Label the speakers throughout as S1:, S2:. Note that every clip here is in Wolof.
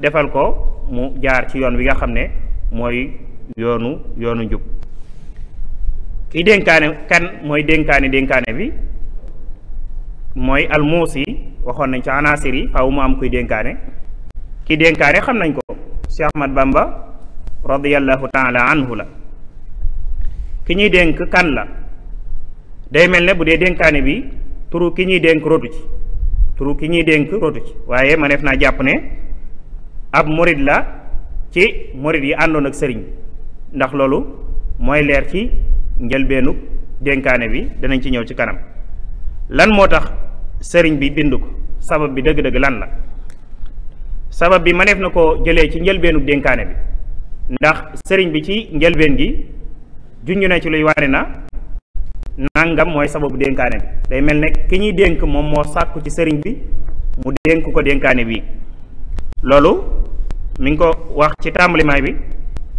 S1: defal ko mu jaar ci yoon bi nga xam ne mooy yoonu yoonu njub kiy dénkaane kan mooy dénkaane dénkaane bi mooy almuusi waxoon nañ ci anaasir yi faaw mu am kuy dénkaane ki dénkaane xam nañ ko Cheikh Ahmad Bamba radiyallahu taala anhu la ki ñuy dénk kan la day mel ne bu dee dénkaane bi turu ki ñuy dénk rotu ci turu ki ñuy dénk rotu ci waaye ma def naa jàpp ne ab murid la ci murid yi àndoon ak sëriñ ndax loolu mooy leer ci njëlbeenu dénkaane bi danañ ci ñëw ci kanam lan moo tax sëriñ bi bind ko sabab bi dëgg-dëgg lan la sabab bi maneef na ko jëlee ci njëlbeenu dénkaane bi ndax sëriñ bi ci njëlbeen gi junj na ci luy wane na nangam mooy sababu dénkaane bi day mel ne ki ñuy dénk moom moo sàkku ci sëriñ bi mu dénk ko dénkaane bii loolu mu ngi ko wax ci tàmbalimaay bi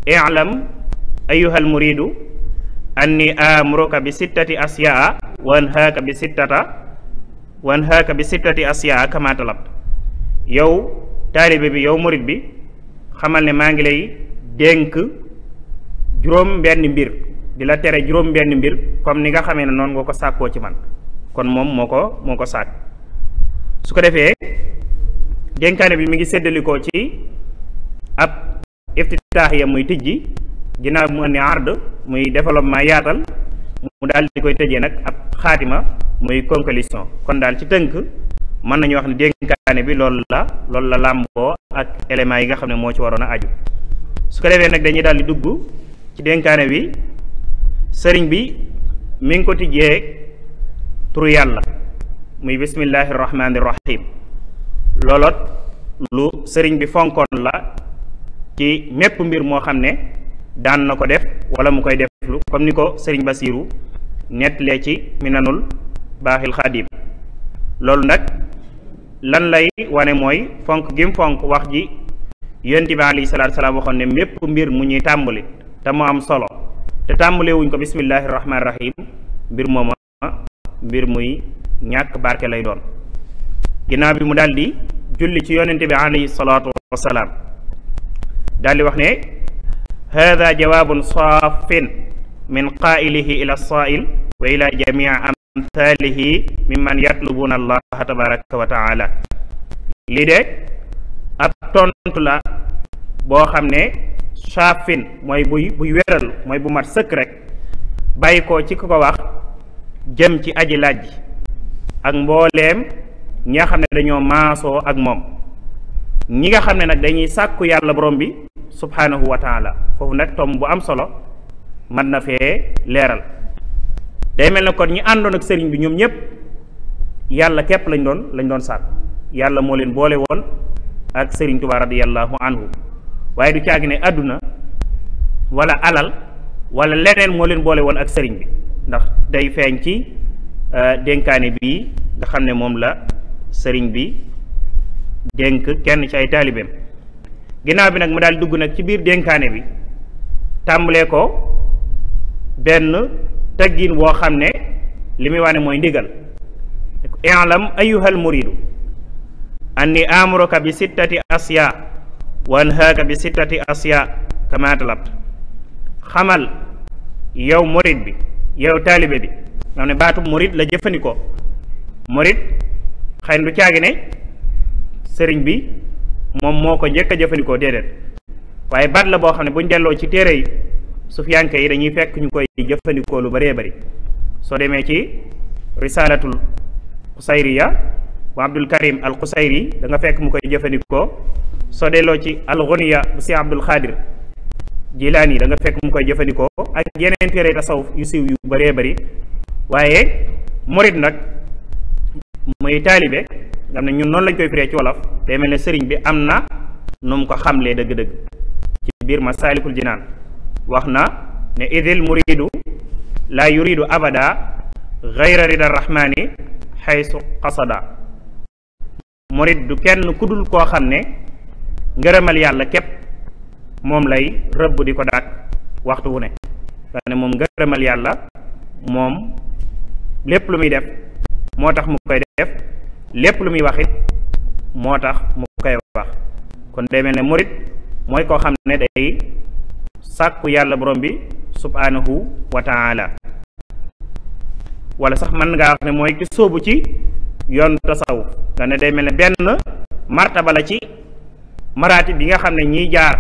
S1: i'lam ayyuhal muridu anni amuruka bi sitati asyaa wa anhaaka bi sittata wa anhaaka bi sitati asyaa kama yow taalibe bi yow murid bi xamal ne maa ngi lay dénk juróom benn mbir di la tere juróom benn mbir comme ni nga xamee ne noonu nga ko sàkkoo ci man kon moom moo ko moo ko sàkk su ko defee dénkaane bi mi ngi séddalikoo ci ab iftitaax ya muy tijji ginnaaw bi mu indi muy développement yaatal mu daal di koy tëjee nag ab xaatima muy conclusion kon daal ci tënk mën nañu wax ne dénkaane bi loolu la loolu la làmboo ak éléments yi nga xam ne moo ci waroon a aju su ko defee nag dañuy daal di dugg ci dénkaane bi sëriñ bi mi ngi ko tijjee turu yàlla muy bismillahi rahmaani looloot lu sëriñ bi fonkoon la ci mépp mbir moo xam ne daan na ko def wala mu koy def lu comme ni ko sëriñ Basiiru nettalee ci minanul baaxil xaadim loolu nag lan lay wane mooy fonk gi mu fonk wax ji yonent bi alayhi salaatu salaam waxoon ne mépp mbir mu ñuy tàmbali te mu am solo te tàmbalewuñ ko bismillaahi rahmaani rahim mbir mooma mbir muy ñàkk barke lay doon ginnaaw bi mu daal di julli ci yonente bi alayhi salaatu wasalaam daal di wax ne hada jawaabun saafin min qaa'ilihi ila saail wa ila jamii amthalihi mimman yatlubuuna allaha tabaraka wa taala lii de ab tontu la boo xam ne saafin mooy buy buy wéral mooy bu mat sëkk rek bàyyi ko ci ku ko wax jëm ci aji laaj ak mbooleem ñaa xam ne dañoo maasoo ak moom ñi nga xam ne nag dañuy sàkku yàlla borom bi subhaanahu wa taala foofu nag tom bu am solo mën na fee leeral day mel ne kon ñi àndoon ak sëriñ bi ñoom ñëpp yàlla képp lañ doon lañ doon sàkk yàlla moo leen boole woon ak sëriñ Tuubaa radiyallahu anhu waaye du caagi ne àdduna wala alal wala leneen moo leen boole woon ak sëriñ bi ndax day feeñ ci euh, dénkaane bii nga xam ne moom la sëriñ bi dénk kenn ci ay taalibeem ginnaaw bi nag mu daal dugg nag ci biir dénkaane bi tàmbalee ko benn teggin woo xam ne li muy wane mooy ndigal i'lam ayyuhal muridu anni amuruka bi sittati asya wa anhaaka bi sittati asia kama xamal yow murid bi yow taalibe bi nga xam ne baatu murid la jëfandikoo murid xëy na du caagi ne sëriñ bi moom moo ko njëkk a jëfandikoo déedéet waaye baat la boo xam ne buñ delloo ci téere yi sufiyanke yi dañuy fekk ñu koy jëfandikoo lu baree bari soo demee ci risalatul xusayriya bu abdul karim al xusayri da nga fekk mu koy jëfandikoo soo delloo ci alxuniya bu si abdul xaadir jilaani da nga fekk mu koy jëfandikoo ak yeneen téere tasawuf yu siiw yu baree bëri waaye murit nag muy taalibe nga xam ne ñun noonu lañ koy firee ci wolof day mel ne sëriñ bi am na nu mu ko xamlee dëgg-dëgg ci biir masaalikul jinaan wax na ne idil muridu laa yuridu abada gayra rida rahmaani xaysu qasada murid du kenn ku dul koo xam ne ngërëmal yàlla képp moom lay rëbb di ko daak waxtu wu ne daane moom ngërëmal yàlla moom lépp lu muy def moo tax mu koy def lépp lu muy wax moo tax mu koy wax kon day mel ne murit mooy koo xam ne day sàkku yàlla borom bi subhaanahu wa taala wala sax mën ngaa wax ne mooy ki sóobu ci yoon tasawuf nga ne day mel ne benn martaba la ci maraati bi nga xam ne ñiy jaar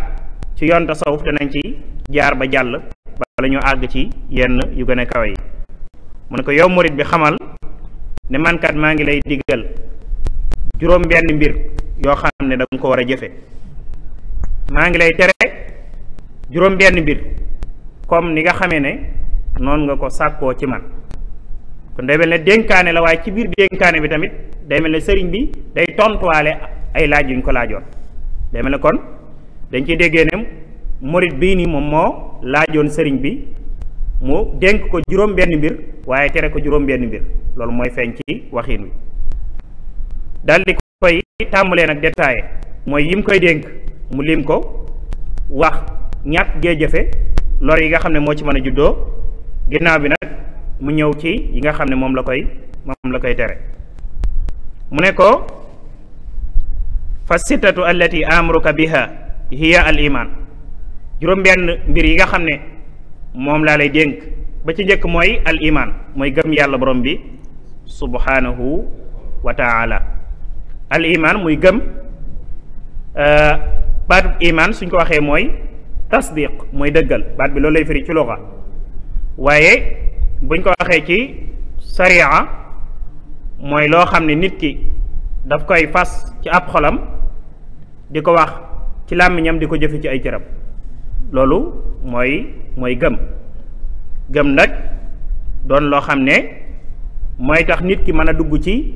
S1: ci yoon tasawuf danañ ci jaar ba jàll bala ñu àgg ci yenn yu gën a kawe yi mu ne ko yow murit bi xamal ne mankat maa ngi lay diggal juróom benn mbir yoo xam ne da ko war a jëfe maa ngi lay tere juróom benn mbir comme ni nga xamee ne noonu nga ko sàkkoo ci man kon day mel ne dénkaane la waaye ci biir dénkaane bi tamit day mel ne sëriñ bi day tontuwaale ay laaj yuñ ko laajoon day mel ne kon dañ ciy déggee ne morit bii nii moom moo laajoon sëriñ bi mu dénk ko juróom benn mbir waaye tere ko juróom benn mbir loolu mooy feeñ ci waxiin wi daldi di koy tàmbalee nag détaillé mooy yim koy dénk mu lim ko wax ñàkk gee jëfe lor yi nga xam ne moo ci mën a juddoo ginnaaw bi nag mu ñëw ci yi nga xam ne moom la koy moom la koy tere mu ne ko fa sittatu allati amruka biha hiya al iman juróom benn mbir yi nga xam ne moom laa lay dénk ba ci njëkk mooy al mooy gëm yàlla borom bi subhanahu wa taala al iman muy gëm euh, baatub imaan suñ ko waxee mooy tasdiq mooy dëggal baat bi loolu lay firi ci luxa waaye buñ ko waxee ci sariya mooy loo xam ne nit ki daf koy fas ci ab xolam di ko wax ci làmmiñam di ko jëfe ci ay cëram loolu mooy mooy gëm gëm nag doon loo xam ne mooy tax nit ki mën a dugg ci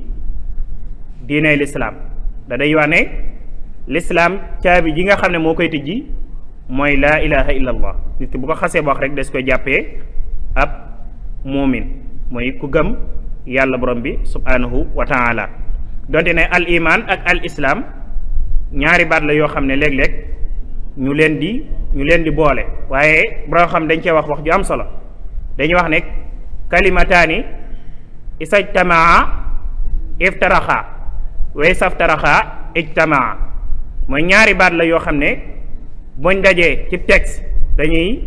S1: diine lislaam da day wax lislaam caabi ji nga xam ne moo koy tijji mooy laa ilaha illallah nit ki bu ko xasee wax rek des koy jàppee ab muumin mooy ku gëm yàlla borom bi subhanahu wa taala donte ne al iman ak al islam ñaari baat la yoo xam ne léeg-léeg ñu leen di ñu leen di boole waaye boo xam dañ cee wax wax ju am solo dañuy wax ne kalimataani tamaa iftaraxaa way saftaraxaa ijtamaa mooy ñaari baat la yoo xam ne buñ dajee ci texte dañuy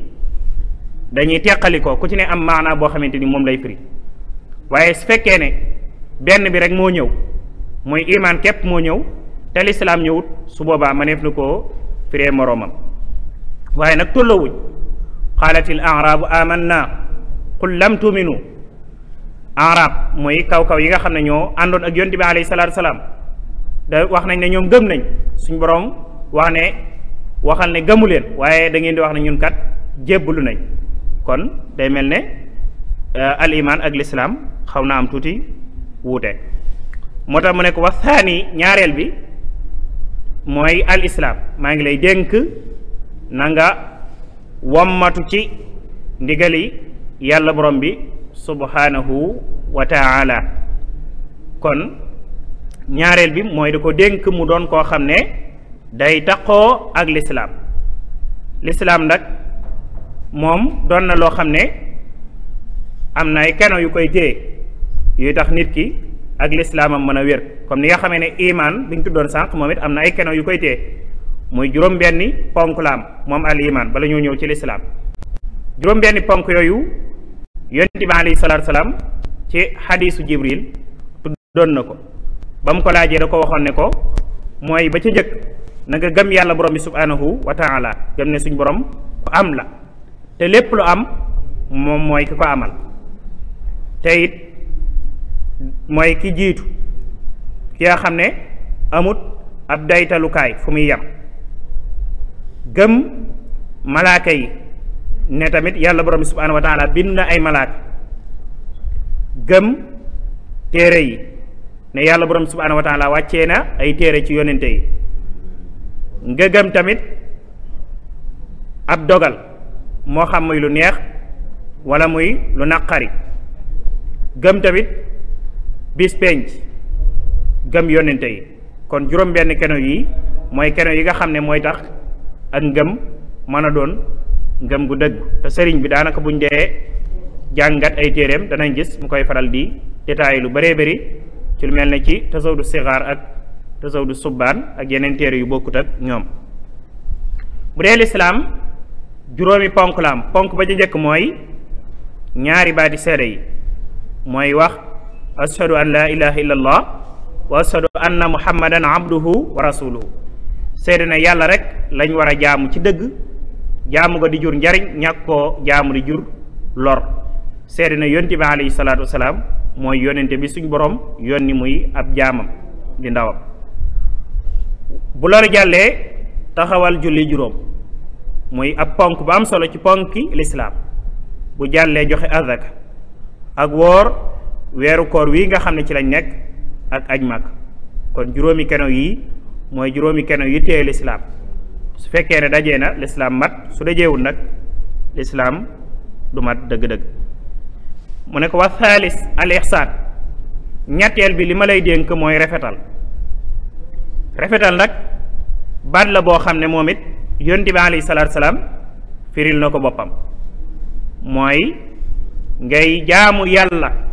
S1: dañuy teqalikoo ku ci ne am maanaa boo xamante ni moom lay firi waaye su fekkee ne benn bi rek moo ñëw mooy imaan képp moo ñëw te lislaam ñëwut su boobaa maneef na ko firee moroomam waaye nag tollowuñ qaalat il arabu amanna qul lam tuminu mooy kaw-kaw yi nga xam ne ñoo àndoon ak yonte bi alayhi salaam da wax nañ ne ñoom gëm nañ suñ boroom wax ne waxal ne gëmu leen waaye da ngeen di wax ne ñun kat jébbalu nañ kon day mel ne euh, al iman ak lislaam xaw naa am tuuti wuute moo tax mu ne ko wax saani ñaareel bi mooy al maa ngi lay dénk na nga wammatu ci ndigali yàlla borom bi subhanahu wa taala kon ñaareel bi mooy da ko dénk mu doon koo xam ne day taqoo ak lislaam lislaam nag moom doon na loo xam ne am na ay keno yu koy téye yuy tax nit ki ak lislaamam mën a wér comme ni nga xamee ne iman bi ñu doon sànq moom it am na ay keno yu koy téye muy juróom-benni ponk la am moom al bala ñoo ñëw ci lislaam juróom-benni ponk yooyu yonent bi alayhi salaam ci xadiisu jibril tuddoon na ko ba mu ko laajee da ko waxoon ne ko mooy ba ci njëkk na nga gëm yàlla borom bi subhanahu wa taala gëm ne suñ borom ku am la te lépp lu am moom mooy ki ko amal te mooy ki jiitu ki nga xam ne amut ab daytalukaay fu muy yem gëm malaaka yi ne tamit yàlla borom bi subhaanahu bind na ay malaaka gëm téere yi ne yàlla borom bi subhaanahu wa wàccee na ay téere ci yonente yi nga gëm tamit ab dogal moo xam muy lu neex walla muy lu naqari gëm tamit bis penc gëm yonente yi kon juróom benn keno yi mooy keno yi nga xam ne mooy tax ak ngëm mën a doon ngëm gu dëgg te sëriñ bi daanaka buñ dee jàngat ay téeréem danañ gis mu koy faral di détaillé lu bëree bëri ci lu mel ne ci tasawdu sixaar ak tasawdu subbaan ak yeneen téere yu bokkut ak ñoom bu dee lislaam juróomi ponk la ponk ba ci njëkk mooy ñaari baati seede yi mooy wax ashadu an laa ilaha illa allah wa ashadu anna muhammadan abduhu wa rasuluhu seede na yàlla rek lañ war a jaamu ci dëgg jaamu ko di jur njariñ ñàkk koo jaamu di jur lor seede na yonente bi alayhi mooy yonente bi suñ borom yónni muy ab jaamam di ndawam bu loolu jàllee taxawal julli juróom muy ab ponk bu am solo ci ponk ponki lislaam bu jàllee joxe azaka ak woor weeru koor wii nga xam ne ci lañ nekk ak aj mag kon juróomi keno yii mooy juróomi keno yi téye lislaam su fekkee ne dajee na lislaam mat su dajeewul nag lislaam du mat dëgg-dëgg mu ne ko wax xaalis al ihsaan ñetteel bi li ma lay dénk mooy rafetal rafetal nag baat la boo xam ne moom it yonti bi alayhi salaam firil na ko boppam mooy ngay jaamu yàlla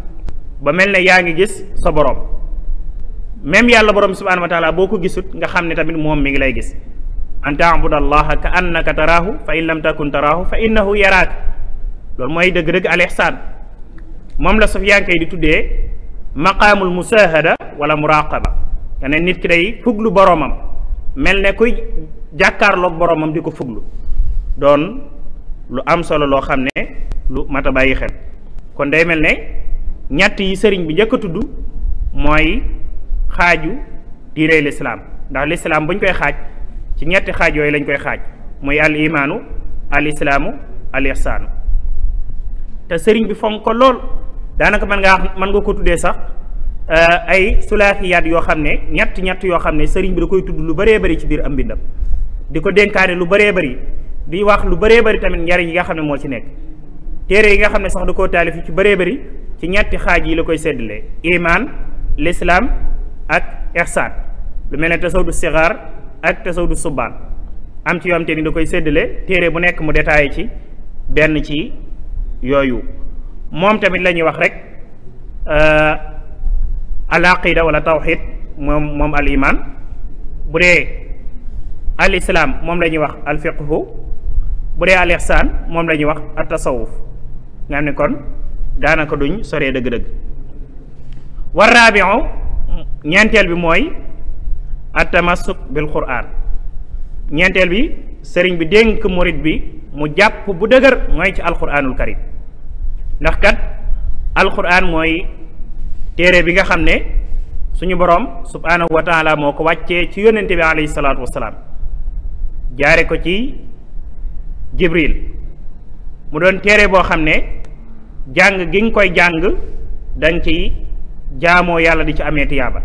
S1: ba mel ne yaa ngi gis sa borom même yàlla boroom subhaanahu wa boo ko gisut nga xam ne tamit moom mi ngi lay gis an taabudallaha ka annaka taraahu fa in lam takun taraahu fa innahu yaraak loolu mooy dëgg-dëgg moom la sufyaan kay di tuddee maqaamul musaahada wala muraqaba nga ne nit ki day fuglu boromam mel ne kuy jàkkaarloog boromam di ko fuglu doon lu am solo loo xam ne lu mat a bàyyi xel kon day mel ne ñett yi sëriñ bi njëkk a tudd mooy xaaju diiney lislaam ndax lislaam buñ koy xaaj ci ñetti xaaj yooyu lañ koy xaaj muy al imaanu al islaamu al ihsaanu te sëriñ bi fonk ko lool daanaka man ngaa mën nga ko tuddee sax euh, ay sulaasiyaat yoo xam ne ñett ñett yoo xam ne sëriñ bi da koy tudd lu bëree bari ci biir am mbindam di ko dénkaane lu bëree bari di wax lu bëree bari tamit njariñ yi nga xam ne moo ci nekk téere yi nga xam ne sax da koo taalif ci bëree bëri ci ñetti xaaj yi la koy séddale iman lislaam ak ihsaan lu mel ne tasawdu sigaar ak tasawdu subbaan am ci yoo te ni da koy séddale téere bu nekk mu détaillé ci benn ci yooyu moom tamit la ñuy wax rek euh, al aqida wala tawxid moom moom al iman bu dee al islaam moom lañuy wax al fiqhu bu dee al ihsaan moom lañuy wax at tasawuf nga xam ne kon daanaka duñ soree dëgg-dëgg war raabiu ñeenteel bi mooy atamassuk bil quraan ñeenteel bi sëriñ bi dénk morit bi mu jàpp bu dëgër mooy ci alquranul karim ndax kat alquran mooy téere bi nga xam ne suñu boroom subhaanahu wa taala moo ko wàccee ci yónnente bi alayhi salaatu wasalaam jaare ko ci jibril mu doon téere boo xam ne jàng gi nga koy jàng danga ci jaamoo yàlla di ci amee tiyaaba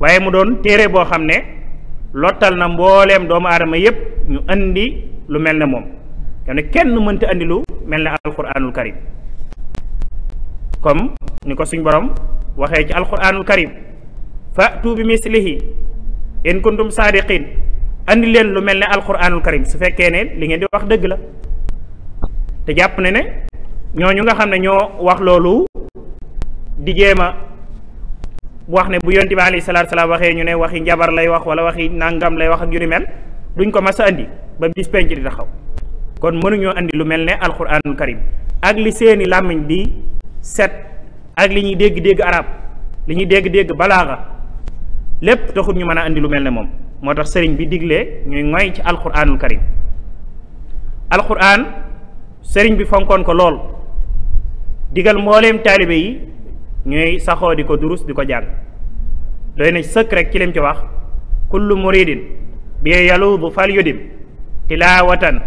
S1: waaye mu doon téere boo xam ne lottal na mbooleem doomu aadama yépp ñu indi lu mel ne moom xam ne kenn mënta indi lu mel ne alquranul karim comme ni ko suñ borom waxee ci alquranul karim fa'tu bi mislihi in kuntum saadiqin indi leen lu mel ne alquranul karim su fekkee ne li ngeen di wax dëgg la te jàpp na ne ñoo ñu nga xam ne ñoo wax loolu di jéem a wax ne bu yonti bi alayhi salaatu salaam waxee ñu ne waxi njabar lay wax wala waxi nàngam lay wax ak yu ni mel duñ ko mas a andi ba bis penc di taxaw kon mënuñoo indi lu mel ne alquranul karim ak li seeni làmmiñ bi set ak li ñuy dégg-dégg arab li ñuy dégg-dégg balaa balaaxa lépp taxul ñu mën a indi lu mel ne moom moo tax sëriñ bi diglee ñuy ngoy ci alquranul karim alquran sëriñ bi fonkoon ko lool digal mbooleem taalibe yi ñuy saxoo di ko durus di ko jàng doy na sëkk rek ci lim ci wax kullu muridin bi yaluudu fal yudim tilaawatan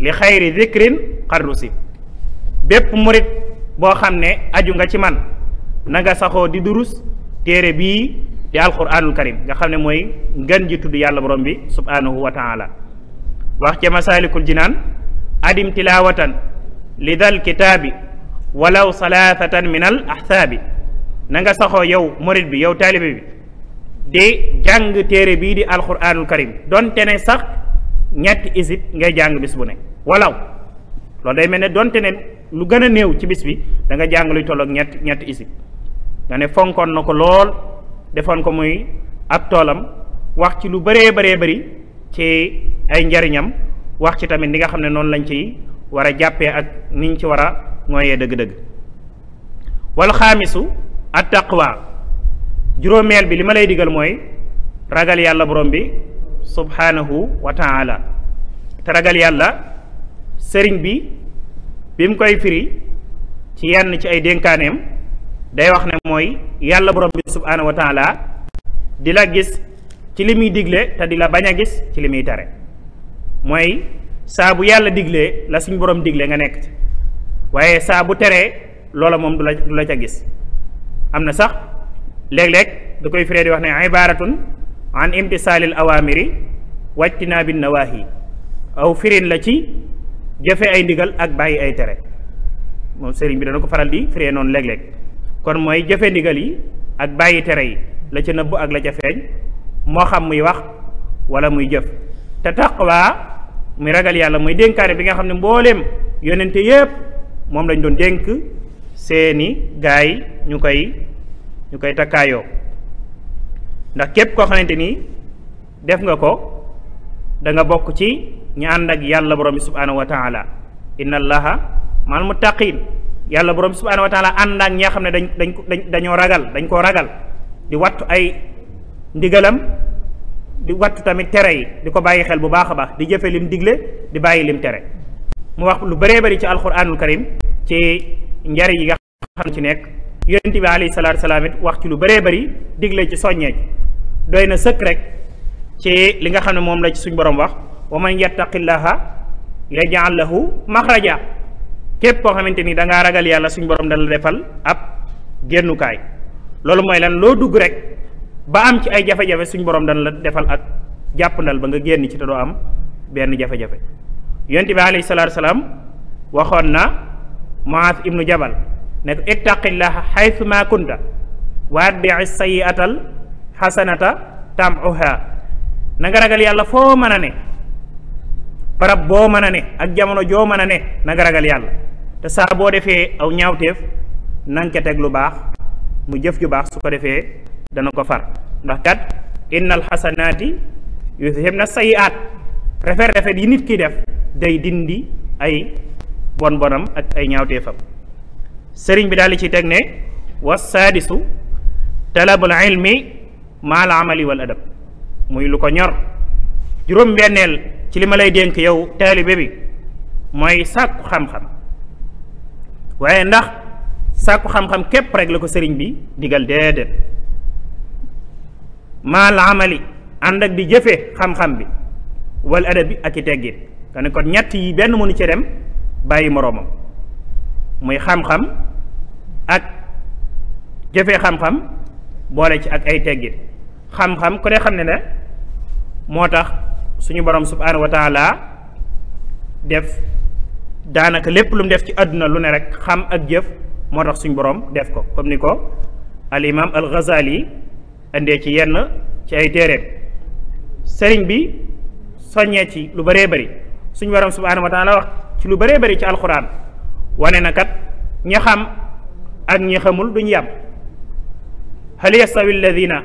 S1: li xayri dikrin xarrusi bépp murit boo xam ne aju nga ci man na nga saxoo di durus téere bii di alquranul karim nga xam ne mooy ngën ji tudd yàlla borom bi subhanahu wa wax ca masaalikul jinaan adim tilaawatan li dal kitaabi walaw salaasatan min al bi na nga saxoo yow morit bi yow taalibe bi di jàng téere bii di alquranul karim donte ne sax ñetti isib ngay jàng bis bu ne walaw loolu day mel ne donte ne lu gën a néew ci bis bi da nga jàng luy tolloog ñetti ñetti isib nga ne fonkoon na ko lool defoon ko muy ab toolam wax ci lu bëree bëree bari ci ay njariñam wax ci tamit li nga xam ne noonu lañ ci war a jàppee ak niñ ci war a mooyee dëgg-dëgg wal xaamisu at taqwa juróomeel bi li ma lay digal mooy ragal yàlla borom bi subhanahu wa taala te ragal yàlla sëriñ bi bi mu koy firi ci yenn ci ay dénkaaneem day wax ne mooy yàlla borom bi subhanahu wa di la gis ci li muy digle te di la bañ a gis ci li muy tere mooy saabu yàlla digle la suñ borom digle nga nekk ci waaye saa bu teree loola moom du la la ca gis am na sax léeg-léeg da koy firee di wax ne ibaratun an imtisaalil awaamiri wajtinaabin nawaahi aw firin la ci jëfe ay ndigal ak bàyyi ay tere moom sëriñ bi dana ko faral di firee noonu léeg-léeg kon mooy jëfe ndigal yi ak bàyyi tere yi la ca nëbb ak la ca feeñ moo xam muy wax wala muy jëf te taqwa muy ragal yàlla mooy dénkaane bi nga xam ne mbooleem yonente yépp moom lañ doon dénk seeni gaay ñu koy ñu koy takkaayoo ndax képp koo xamante ni def nga ko danga bokk ci ñi ànd ak yàlla borom bi subhaanahu wa taala inna allaha maal muttaqin yàlla borom bi subhaanahu wa taala ànd ak ñi xam ne dañ dañ dañ dañoo ragal dañ koo ragal di wattu ay ndigalam di wattu tamit tere yi di ko bàyyi xel bu baax a baax di jëfe lim digle di bàyyi lim tere mu wax lu bëree bari ci alquranul karim ci njariñ yi nga xam ci nekk yonent bi alayhi salaatu wax ci lu bëree bari digle ci soññee doy na sëkk rek ci li nga xam ne moom la ci suñ borom wax wa man yattaqillaha yaj'al lahu maxraja képp koo xamante ni da ngaa ragal yàlla suñ borom la defal ab génnukaay loolu mooy lan loo dugg rek ba am ci ay jafe-jafe suñ borom dana la defal ak jàpp jàppandal ba nga génn ci te doo am benn jafe-jafe yonent bi alayhi salaam waxoon na Muaaz ibnu Jabal ne ko ittaqillaha xaytu ma kunta wa atbi'i atal xasanata tam'uha na nga ragal yàlla foo mën a ne barab boo mën a ne ak jamono joo mën a ne na ragal yàlla te saa boo defee aw ñaawteef na nga ca lu baax mu jëf ju baax su ko defee dana ko far ndax kat innal xasanaati yuzhibna sayyi'aat rafet rafet yi nit kiy def day dindi ay bon bonam ak ay ñaawteefam sëriñ bi daal di ci teg ne wa saadisu talabul ilmi maal amali wal adab muy lu ko ñor juróom benneel ci li ma lay dénk yow taalibe bi mooy sàkku xam-xam waaye ndax sàkku xam-xam képp rek la ko sëriñ bi digal déedéet maal amali ànd ak di jëfe xam-xam bi wal adab bi ak i teggit dane kon ñett yi benn mënu ci bàyyi moroomam muy xam-xam ak jëfe xam-xam boole ci ak ay teggit xam-xam ku ne xam ne na moo tax suñu borom subhaanahu wa def daanaka lépp lu mu def ci àdduna lu ne rek xam ak jëf moo tax suñu boroom def ko comme ni ko al imam al ghazali indee ci yenn ci ay téeréem sëriñ bi soññee ci lu bëree bari suñu waram subhaanahu wa taala wax ci lu bëree bëri ci alxuraan wane na kat ña xam ak ña xamul duñu yam hal yastawi alladina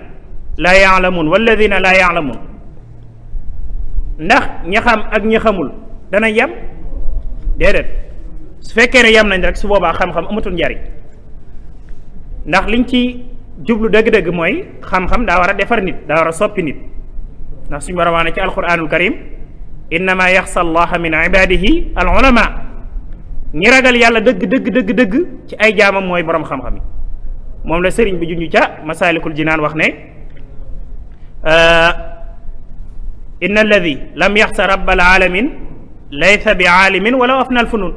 S1: laa yaalamuun walladina laa yaalamuun ndax ña xam ak ña xamul danañ yam déedéet su fekkee ne yam nañ rek su boobaa xam-xam amatul njariñ ndax liñ ci jublu dëgg-dëgg mooy xam-xam daa war a defar nit daa war a soppi nit ndax suñu war a waane ci alxuraanul karim innama yaxsa allaha min ibadihi al ulama ñi ragal yàlla dëgg dëgg ci ay jaamam mooy borom xam-xam moom la sëriñ bi junj ca masaalikul jinaan wax ne inna alladi lam yaxsa rabbal alamin laysa bi aalimin walaw afna al funun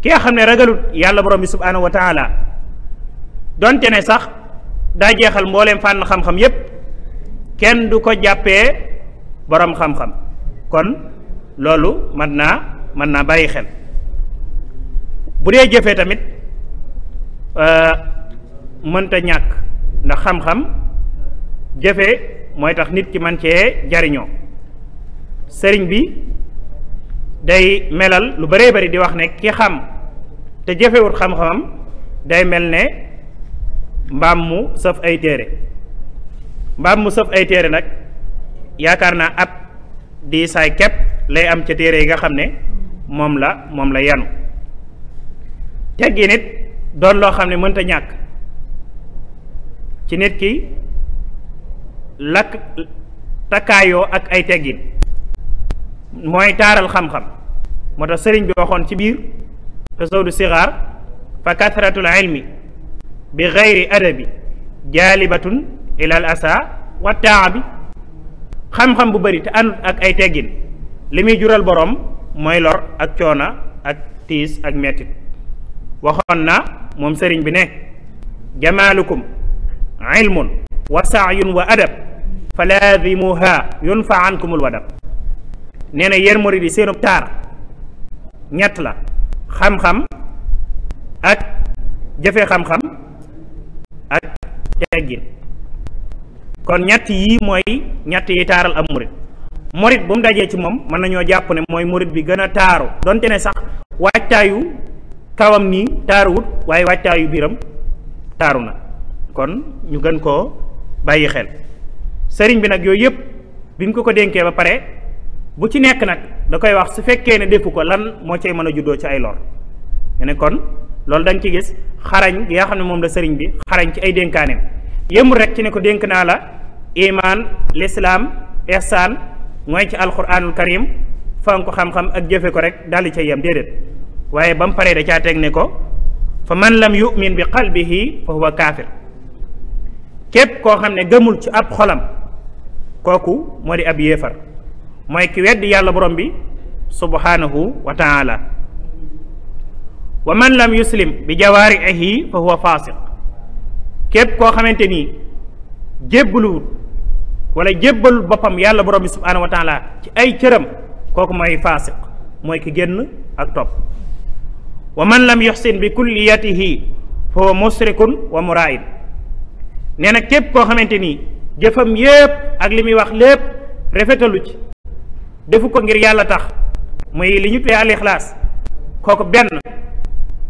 S1: ki nga xam ne ragalut yàlla borom bi subhanahu wa taala ne sax daa jeexal mbooleem fànn xam-xam yépp kenn du ko jàppee borom xam-xam kon loolu mën naa mën naa bàyyi xel bu dee jëfee tamit euh, mënta ñàkk ndax xam-xam jëfe mooy tax nit ki man cee jariñoo sëriñ bi day melal lu bëree bëri di wax ne ki xam te jëfewut xam-xamam day mel ne mbaam mu sëf ay téere mbaam mu sëf ay téere nag yaakaar naa ab diisaay képp lay am ca téere yi nga xam ne moom la moom la yanu teggi nit doon loo xam ne mënta ñàkk ci nit ki lakk takkaayoo ak ay teggin mooy taaral xam-xam moo tax sëriñ bi waxoon ci biir te sawdu sigaar fa kathratul ilmi bi gayri adabi jaalibatun ilal asa wa taabi xam-xam bu bari te ànd ak ay teggin li muy jural boroom mooy lor ak coona ak tiis ak mettit waxoon na moom sëriñ bi ne jamaalukum ilmun wa saayun wa adab fa laazimuha yunfa ankumul wadab nee na yéen murid yi seenub taar ñett la xam-xam ak jëfe xam-xam ak teggin kon ñett yii mooy ñett yi taaral am murit murit bu mu dajee ci moom mën nañoo jàpp ne mooy morit bi gën a taaru donte ne sax waajtaayu kawam nii taaruwut waaye waajtaayu biiram taaru na kon ñu gën koo bàyyi xel sëriñ bi nag yooyu yëpp bi ñu ko ko denkee ba pare bu ci nekk nag da koy wax su fekkee ne defu ko lan moo cay mën a juddoo ci ay lor ne kon loolu dañ ci gis xarañ gi nga xam ne moom la sëriñ bi xarañ ci ay dénkaaneem yëmul rek ci ne ko dénk naa la imaan lislaam ihsaan mooy ci alquranul karim fan ko xam-xam ak jëfe ko rek daldi ca yem déedéet waaye ba mu paree da caa teg ne ko fa man lam yu'min bi qalbihi fa huwa kaafir képp koo xam ne gëmul ci ab xolam kooku moo di ab yéefar mooy ki weddi yàlla borom bi subhanahu wa taala wa man lam yuslim bi jawaarihi fa huwa faasiq képp koo xamante ni jébbaluwut wala jébbalul boppam yàlla borom bi subhaanahu ci ay cëram kooku mooy faasiq mooy ki génn ak topp wa man lam yuxsin bi kulliyatihi fa huwa musrikun wa muraayin nee na képp koo xamante ni jëfam yépp ak li muy wax lépp rafetalu ci defu ko ngir yàlla tax muy li ñu tuddee al ixlaas kooku benn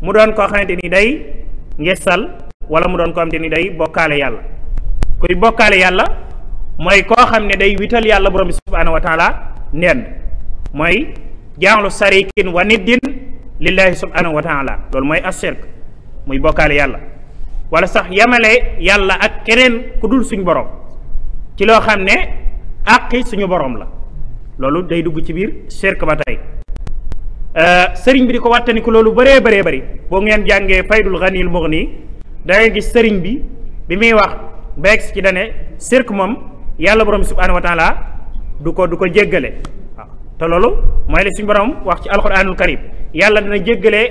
S1: mu doon koo xamante ni day ngesal wala mu doon ko am te ni day bokkaale yàlla kuy bokkaale yàlla mooy koo xam ne day wital yàlla borom bi subhaanahu wa taala neen mooy jaaxlu sarikin wa niddin lillahi subhaanahu wa loolu mooy ashirk muy bokkaale yàlla wala sax yamale yàlla ak keneen ku dul suñu borom ci loo xam ne àqi suñu borom la loolu day dugg ci biir shirk ba tey euh, sëriñ bi di ko wàttaniku loolu bare bëree bëri boo ngeen jàngee faydul ganil mughni da gis sëriñ bi bi muy wax ba egsi ci dane sirk moom yàlla borom subhanahu wa taala du ko du ko jéggale waaw te loolu mooy li suñu borom wax ci alquranul karim yàlla dina jéggale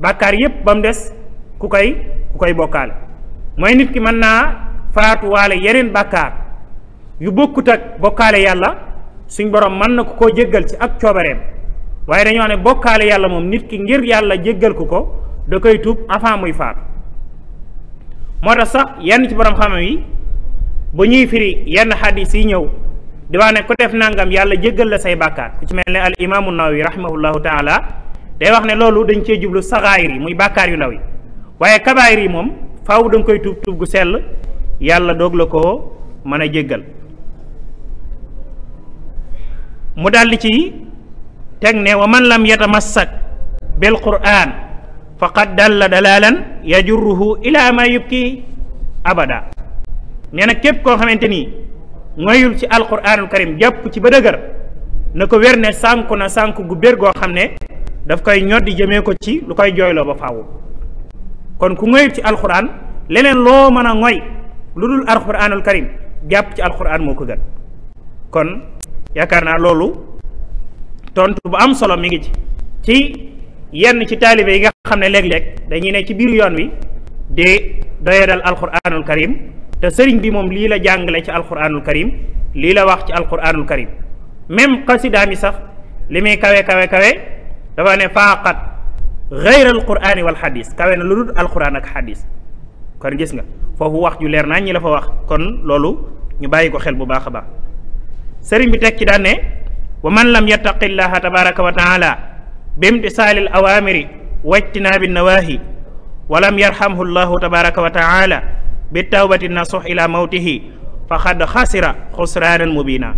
S1: bàkkaar yépp ba mu des ku koy ku koy bokkaale mooy nit ki mën naa faatuwaale yeneen bàkkaar yu bokkut ak bokkaale yàlla suñ borom mën na ko koo jéggal ci ak coobareem waaye dañoo ne bokkaale yàlla moom nit ki ngir yàlla jéggal ku ko da koy tuub avant muy faatu moo tax sax yenn ci borom xam-xam yi ba ñuy firi yenn xadis yi ñëw di wax ne ku def nangam yàlla jéggal la say bàkkaar ku ci mel ne al imaamu nawawi rahimahullahu taala day wax ne loolu dañ cee jublu saxaayir yi muy bàkkaar yu ndaw yi waaye kabaayir yi moom faaw da nga koy tuub tuub gu sell yàlla doog la koo mën a jéggal mu daldi ci teg ne wa man lam yatamassak bil quraan dal faqad dalla dalalan yajurruhu ila ma yubki abada nee nag képp koo xamante ni ngoyul ci alquranul karim jàpp ci ba dëgër na ko wér ne sànku na sànku gu bér goo xam ne daf koy ñoddi jëmee ko ci lu koy jooyloo ba faawu kon ku ngoyul ci alxuraan leneen loo mën a ngoy lu dul alquranul karim jàpp ci alquran moo ko gën kon yaakaar naa loolu tontu bu am solo mi ngi ci ci yenn ci taalibe yi nga xam ne léeg-léeg dañuy ne ci biir yoon wi di doyadal alquranul karim te sëriñ bi moom lii la jàngale ci alquranul karim lii la wax ci alquranul karim même xasidaa mi sax li muy kawe kawe kawe dafa ne faaqat gayra alqurani wal kawe na lu dul ak xadis kon gis nga foofu wax ju leer naa ñi la fa wax kon loolu ñu bàyyi ko xel bu baax a baax sëriñ bi teg ci daan wa man lam yattaqillaha tabaraka wa taala bimtisaalil awaamiri wajtinaabi nawaahi walam yarhamhu llahu tabaraka wa taala bi tawbati nasux ila mawtihi fa xad xasira xusraanan mubina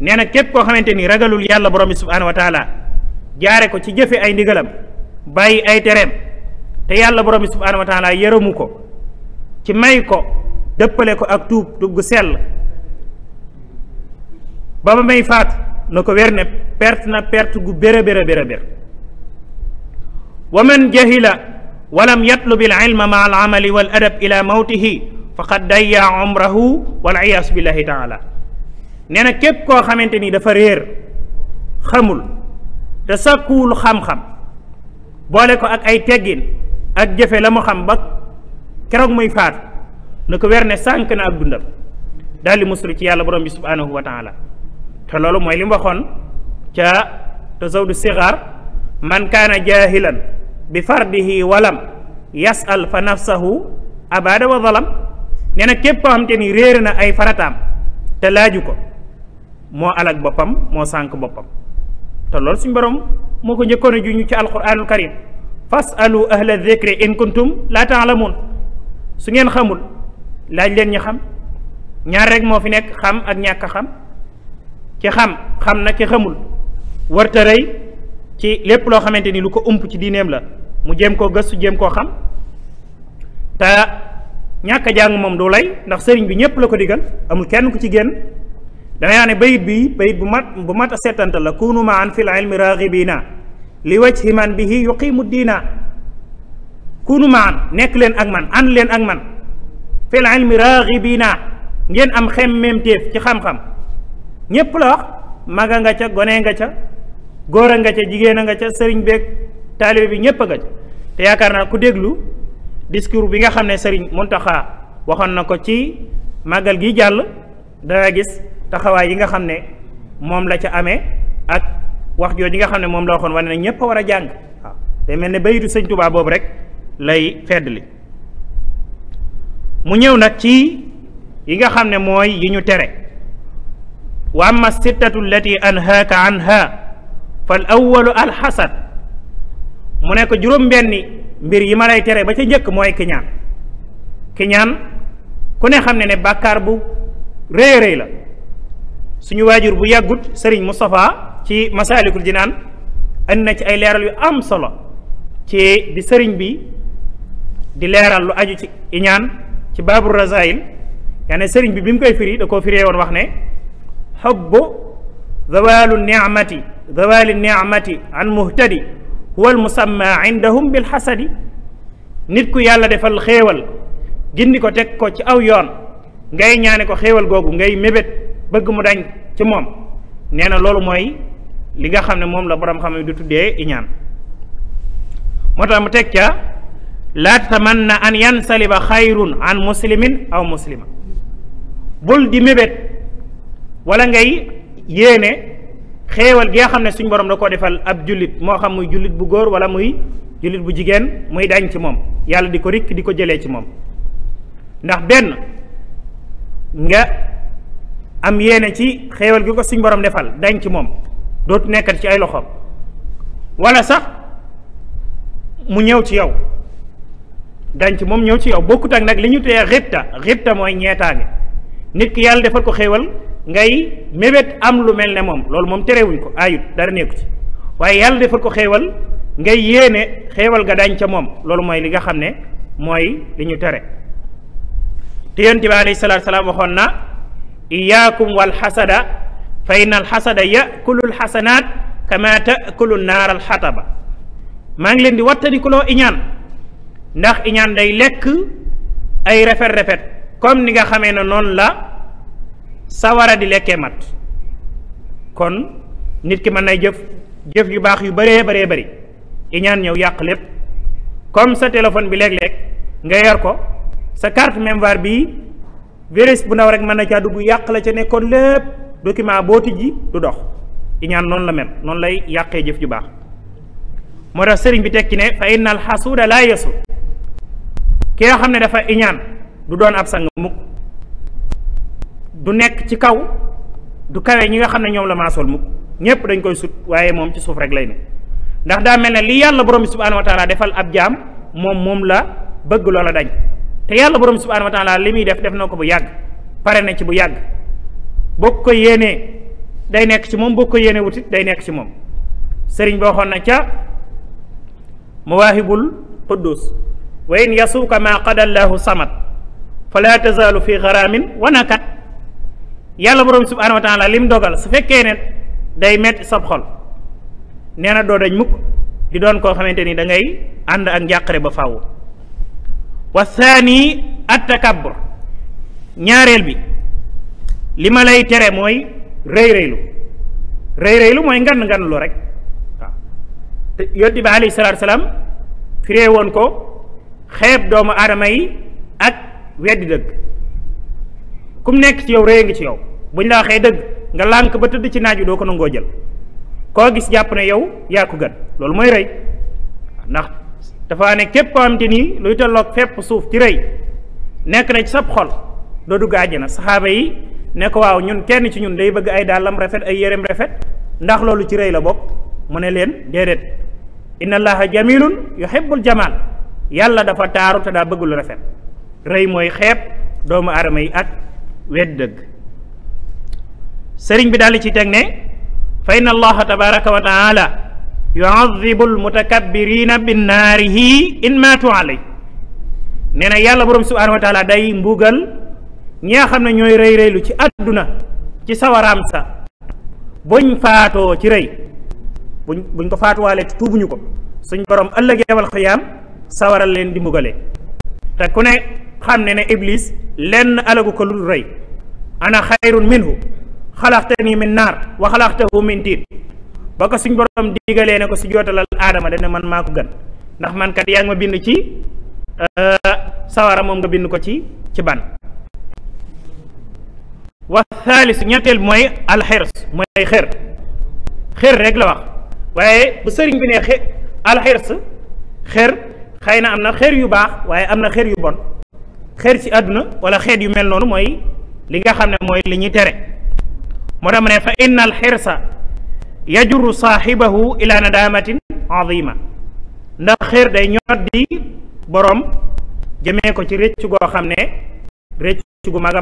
S1: nee képp ko xamante ni ragalul yàlla borom bi subhaanahu wa taala jaare ko ci jëfe ay ndigalam bàyyi ay tereem te yàlla borom bi subhaanahu wa taala yërëmu ko ci may ko dëppale ko ak tuub tuub sell ba ba may faatu na ko wér ne perte na perte gu bér a bér a bér a bér wa man jahila walam yatlub il ilma ma al amali wal adab ila mawtihi faqad dayya umrahu wal iyaasu billahi taala nee na képp koo xamante ni dafa réer xamul te sakkuwul xam-xam boole ko ak ay teggin ak jëfe la mu xam ba keroog muy faatu na ko wer ne sànk na ak dundam daal di muslu ci yàlla borom bi subhaanahu wa taala te loolu mooy li mu waxoon ca tazawdu sigaar man kaana jaahilan bi fardihi walam yasal fa nafsahu abada wa zalam nee képp koo xam te ni réer na ay farataam te laaju ko moo alak boppam moo sànk boppam te loolu suñu borom moo ko njëkkoon a juñu ci alquranul karim fasalu ahla dhikri in kuntum la taalamun su ngeen xamul laaj leen ñi xam ñaar rek moo fi nekk xam ak ñàkk xam ci xam xam na ki xamul warta rëy ci lépp loo xamante ni lu ko ëmp ci diineem la mu jéem koo gëstu jéem koo xam te ñàkk a jàng moom du lay ndax sëriñ bi ñëpp la ko digal amul kenn ku ci génn damay wax ne bayit bi bayit bu mat bu mat a settanta la kunu ma an fil ilmi raghibina li wajhi man bihi yuqimu diina kunu ma an nekk leen ak man ànd leen ak man fil ilmi raghibina ngeen am xemmemteef ci xam-xam ñépp la wax a nga ca gone nga ca góor a nga ca jigéen a nga ca sëriñ beeg taalibe bi ñépp a nga ca te yaakaar naa ku déglu discours bi nga xam ne sëriñ taxa waxoon na ko ci màggal gi jàll danga gis taxawaay yi nga xam ne moom la ca amee ak wax jooju nga xam ne moom la waxoon wane ne ñépp a war a jàng waaw day mel ne bayitu sëñ Tuubaa boobu rek lay fedd li mu ñëw nag ci yi nga xam ne mooy yi ñu tere wa amma sittatu allati anhaaka anha fal awwalu alxasad mu ne ko juróom-benni mbir yi ma lay tere ba ca njëkk mooy kiñaan kiñaan ku ne xam ne ne bàkkaar bu rëy rëy la suñu waajur bu yàggut sëriñ Moustapha ci masaalikul jinaan andi na ci ay leeral yu am solo ci bi sëriñ bi di leeral lu aju ci iñaan ci baabul rasail yaa ne sëriñ bi bi mu koy firi da koo firee wax ne xubbu zawaalu nicmati zawaali nicmati an muhtadi huwa al musamma indahum bil xasadi nit ku yàlla defal xéewal gindi ko teg ko ci aw yoon ngay ñaane ko xéewal googu ngay mébét bëgg mu dañ ci moom nee na loolu mooy li nga xam ne moom la borom xam ne du tuddee iñaan moo tax mu teg ca laa na an yansaliba xayrun an muslimin aw muslima bul di mébét wala ngay yéene xéewal gi nga xam ne suñ borom da koo defal ab jullit moo xam muy jullit bu góor wala muy jullit bu jigéen muy dañ ci moom yàlla di ko rikk di ko jëlee ci moom ndax benn nga am yéene ci xéewal gi suñ borom defal dañ ci moom dootu nekkat ci ay loxoom wala sax mu ñëw ci yow dañ ci moom ñëw ci yow bokkut ak nag li ñu teye xitta xitta mooy ñeetaange nit ki yàlla defal ko xéewal ngay mébét am lu mel ne moom loolu moom terewuñ ko ayut dara nekku ci waaye yàlla defal ko xéewal ngay yéene xéewal ga dañ ca moom loolu mooy li nga xam ne mooy li ñu tere te yonent bi alayhi salaatu salaam waxoon na iyaakum wal xasada fa inna alxasada yakulu alxasanaat kama takulu naar alxataba maa ngi leen di wattandikuloo iñaan ndax iñaan day lekk ay rafet rafet comme ni nga xamee na noonu la sawara di lekkee mat kon nit ki mën nay jëf jëf yu baax yu bëree bëree bëri iñaan ñëw yàq lépp comme sa téléphone bi léeg-léeg nga yor ko sa carte mémoire bii virus bu ndaw rek mën na caa dugg yàq la ca nekkoon lépp document boo tijji du dox iñaan noonu la mel noonu lay yàqee jëf ju baax moo tax sëriñ bi tekki ne fa innal xasuuda laa yasud ki xam ne dafa iñaan du doon ab sang mukk du nekk ci kaw du kawe ñi nga xam ne ñoom la maasol mukk ñépp dañ koy sut waaye moom ci suuf rek lay ne ndax daa mel na li yàlla borom bi subhanahu wa taala defal ab jaam moom moom la bëgg loola dañ te yàlla borom bi subhanahu li muy def def na ko bu yàgg pare na ci bu yàgg bokk ko yéene day nekk ci moom bokk ko yéene wutit day nekk ci moom sëriñ boo xoon na ca mawaahibul quddus wa in yasuuka maa qadallahu samad fala tazalu fi garaamin wa yàlla borom subhaanahu wa li mu dogal su fekkee ne day metti sab xol nee na doo dañ mukk di doon koo xamante ni da ngay ànd ak njàqare ba faw wa saani attakabur ñaareel bi li ma lay tere mooy rëy rëylu rëy rëylu mooy ngan ngan lu rek waaw te bi alayhi salaam firee woon ko xeeb doomu aadama yi ak weddi dëgg ku nekk ci yow rëy nga ci yow bu buñ la waxee dëgg nga lànk ba tëdd ci naaj wi doo ko nangoo jël koo gis jàpp ne yow yaa ko gën loolu mooy rey ndax dafa ne képp koo xamante ni luy tolloog fépp suuf ci rey nekk na ci sab xol doo dugg na saxaaba yi ne ko waaw ñun kenn ci ñun day bëgg ay dàllam rafet ay yéreem rafet ndax loolu ci rey la bokk mu ne leen déedéet inna allaha jamilun yuhibbul jamal yàlla dafa taaru te daa bëgg rafet rëy mooy xepp doomu aadama yi ak wet dëgg sëriñ bi daal di ci teg ne fa inna allaha tabaraka wa taala yuazibu almutakabirina binnaarihi in maatu alay nee na yàlla boroom subhanahu wa day mbugal ñi xam ne ñooy rëy rëylu ci àdduna ci sawaraam sa buñ faatoo ci rëy buñ buñ ko faatuwaale tuubuñu ko suñ borom ëllëg yawal xiyaam sawaral leen di mbugale te ku ne xam ne ne iblis lenn alagu ko lu rëy ana xayrun minhu xalaqtani min naar wa xalaqtahu min tiin ba ko suñ borom digalee ne ko si jootalal aadama dana man maa ko gën ndax mankat yaa ngi ma bind ci euh, sawara moom nga bind ko ci ci ban wa thalis ñetteel mooy alxirs mooy xër xër rek la wax waaye bu sëriñ bi ne xe alxirs xër xëy na am na xër yu baax waaye am na xër yu bon xeer ci àdduna wala xeet yu mel noonu mooy li nga xam ne mooy li ñuy tere moo tax ma ne fa inna al xirsa yajuru saaxibahu ila nadamatin azima ndax xeer day ñor di borom jëmee ko ci rëcc goo xam ne rëcc gu mag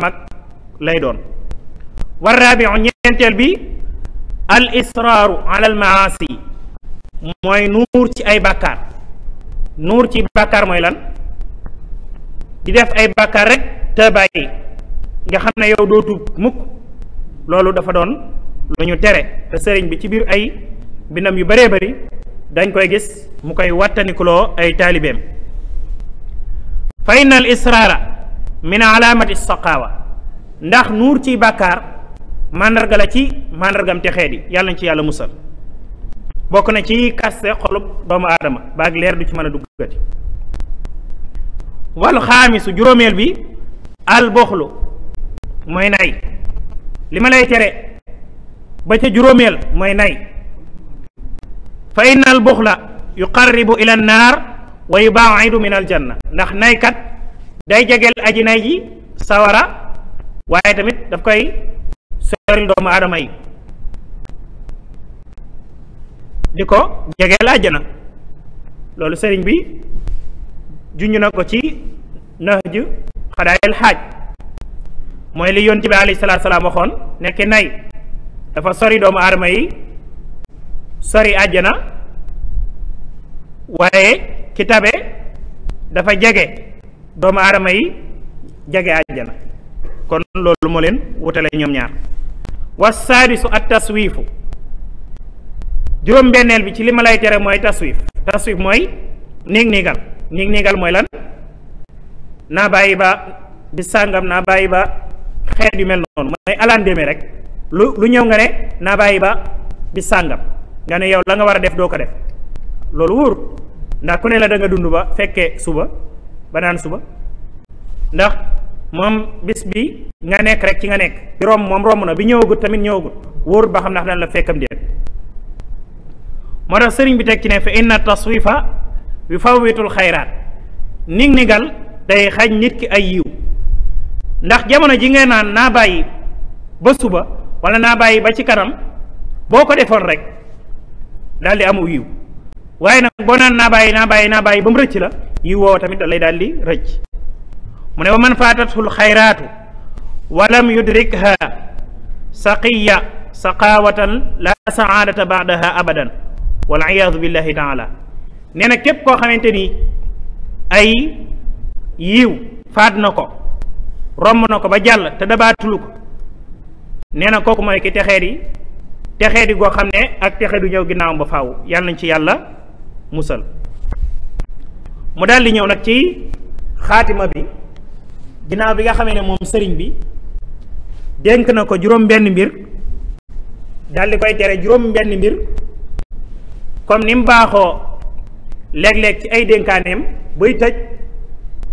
S1: lay doon war raabiu ñeenteel bi al israaru ala al maasi mooy nuur ci ay bàkkaar nuur ci bàkkaar mooy lan di def ay bàkkaar rek te bàyyi nga xam ne yow doo tuub mukk loolu dafa doon lu ñu tere te sëriñ bi ci biir ay bindam yu bëree bari dañ koy gis mu koy wattanikuloo ay taalibeem fa inna al israara min alaamati ndax nuur ciy bàkkaar màndarga la ci màndargam te xeet yi yàlla na ci yàlla musal bokk na ci kaste xolub doomu aadama baag leer du ci mën a duggati wal xaamisu juróomeel bi al boxlu mooy nay li ma lay tere ba ca juróomeel mooy nay fa inna al boxla yuqarribu ila naar wa yubaidu min al janna ndax naykat day jegeel aji nay ji sawara waaye tamit daf koy soril doomu aadama yi di ko jegeel àjjana loolu sëriñ bi juñu na ko ci nahju xadaayil xaaj mooy li yoon bi alayhi salaatu salaam waxoon nekk nay dafa sori doomu adama yi sori àjjana waaye ki dafa jege doomu aadama yi jege àjjana kon loolu moo leen wutale ñoom ñaar wasaadisu at taswiifu juróom-benneel bi ci li ma lay tere mooy taswiif taswiif mooy néeg néegal néeg néegal mooy lan naa bàyyi ba bi sàngam naa bàyyi ba xeet bi mel noonu mooy alandéme rek lu lu ñëw nga ne naa bàyyi ba bi sàngam nga ne yow la nga war a def doo ko def loolu wóor ndax ku ne la danga dund ba fekkee suba ba naan suba ndax moom bis bi nga nekk rek ci nga nekk bi romb moom romb na bi ñëwagut tamit ñëwagut wóor ba xam ndax daan la fekkam déet moo tax sëriñ bi teg ci ne fa inna taswifa yu fawwitul xayraat nig nigal day xaj nit ki ay yiw ndax jamono ji ngay naan naa bàyyi ba suba wala naa bàyyi ba ci kanam boo ko defoon rek daal di amu yiw waaye nag boo naan naa bàyyi naa bàyyi naa bàyyi ba mu rëcc la yiw woowa tamit dalay lay daal di rëcc mu ne wa man faatatul xayraatu walam yudrikha saqiya saqaawatan la saadata baadaha abadan wal iyaadu billahi taala nee na képp koo xamante ni ay yiw faat na ko romb na ko ba jàll te dabaatulu ko nee na kooku mooy ki texee di texee di goo xam ne ak texe du ñëw ginnaawam ba faw yàlla nañ ci yàlla musal mu daldi ñëw nag ci xaatima bi ginnaaw bi nga xamee ne moom sëriñ bi dénk na ko juróom benn mbir daldi koy tere juróom benn mbir comme ni mu léeg-léeg ci ay dénkaaneem buy tëj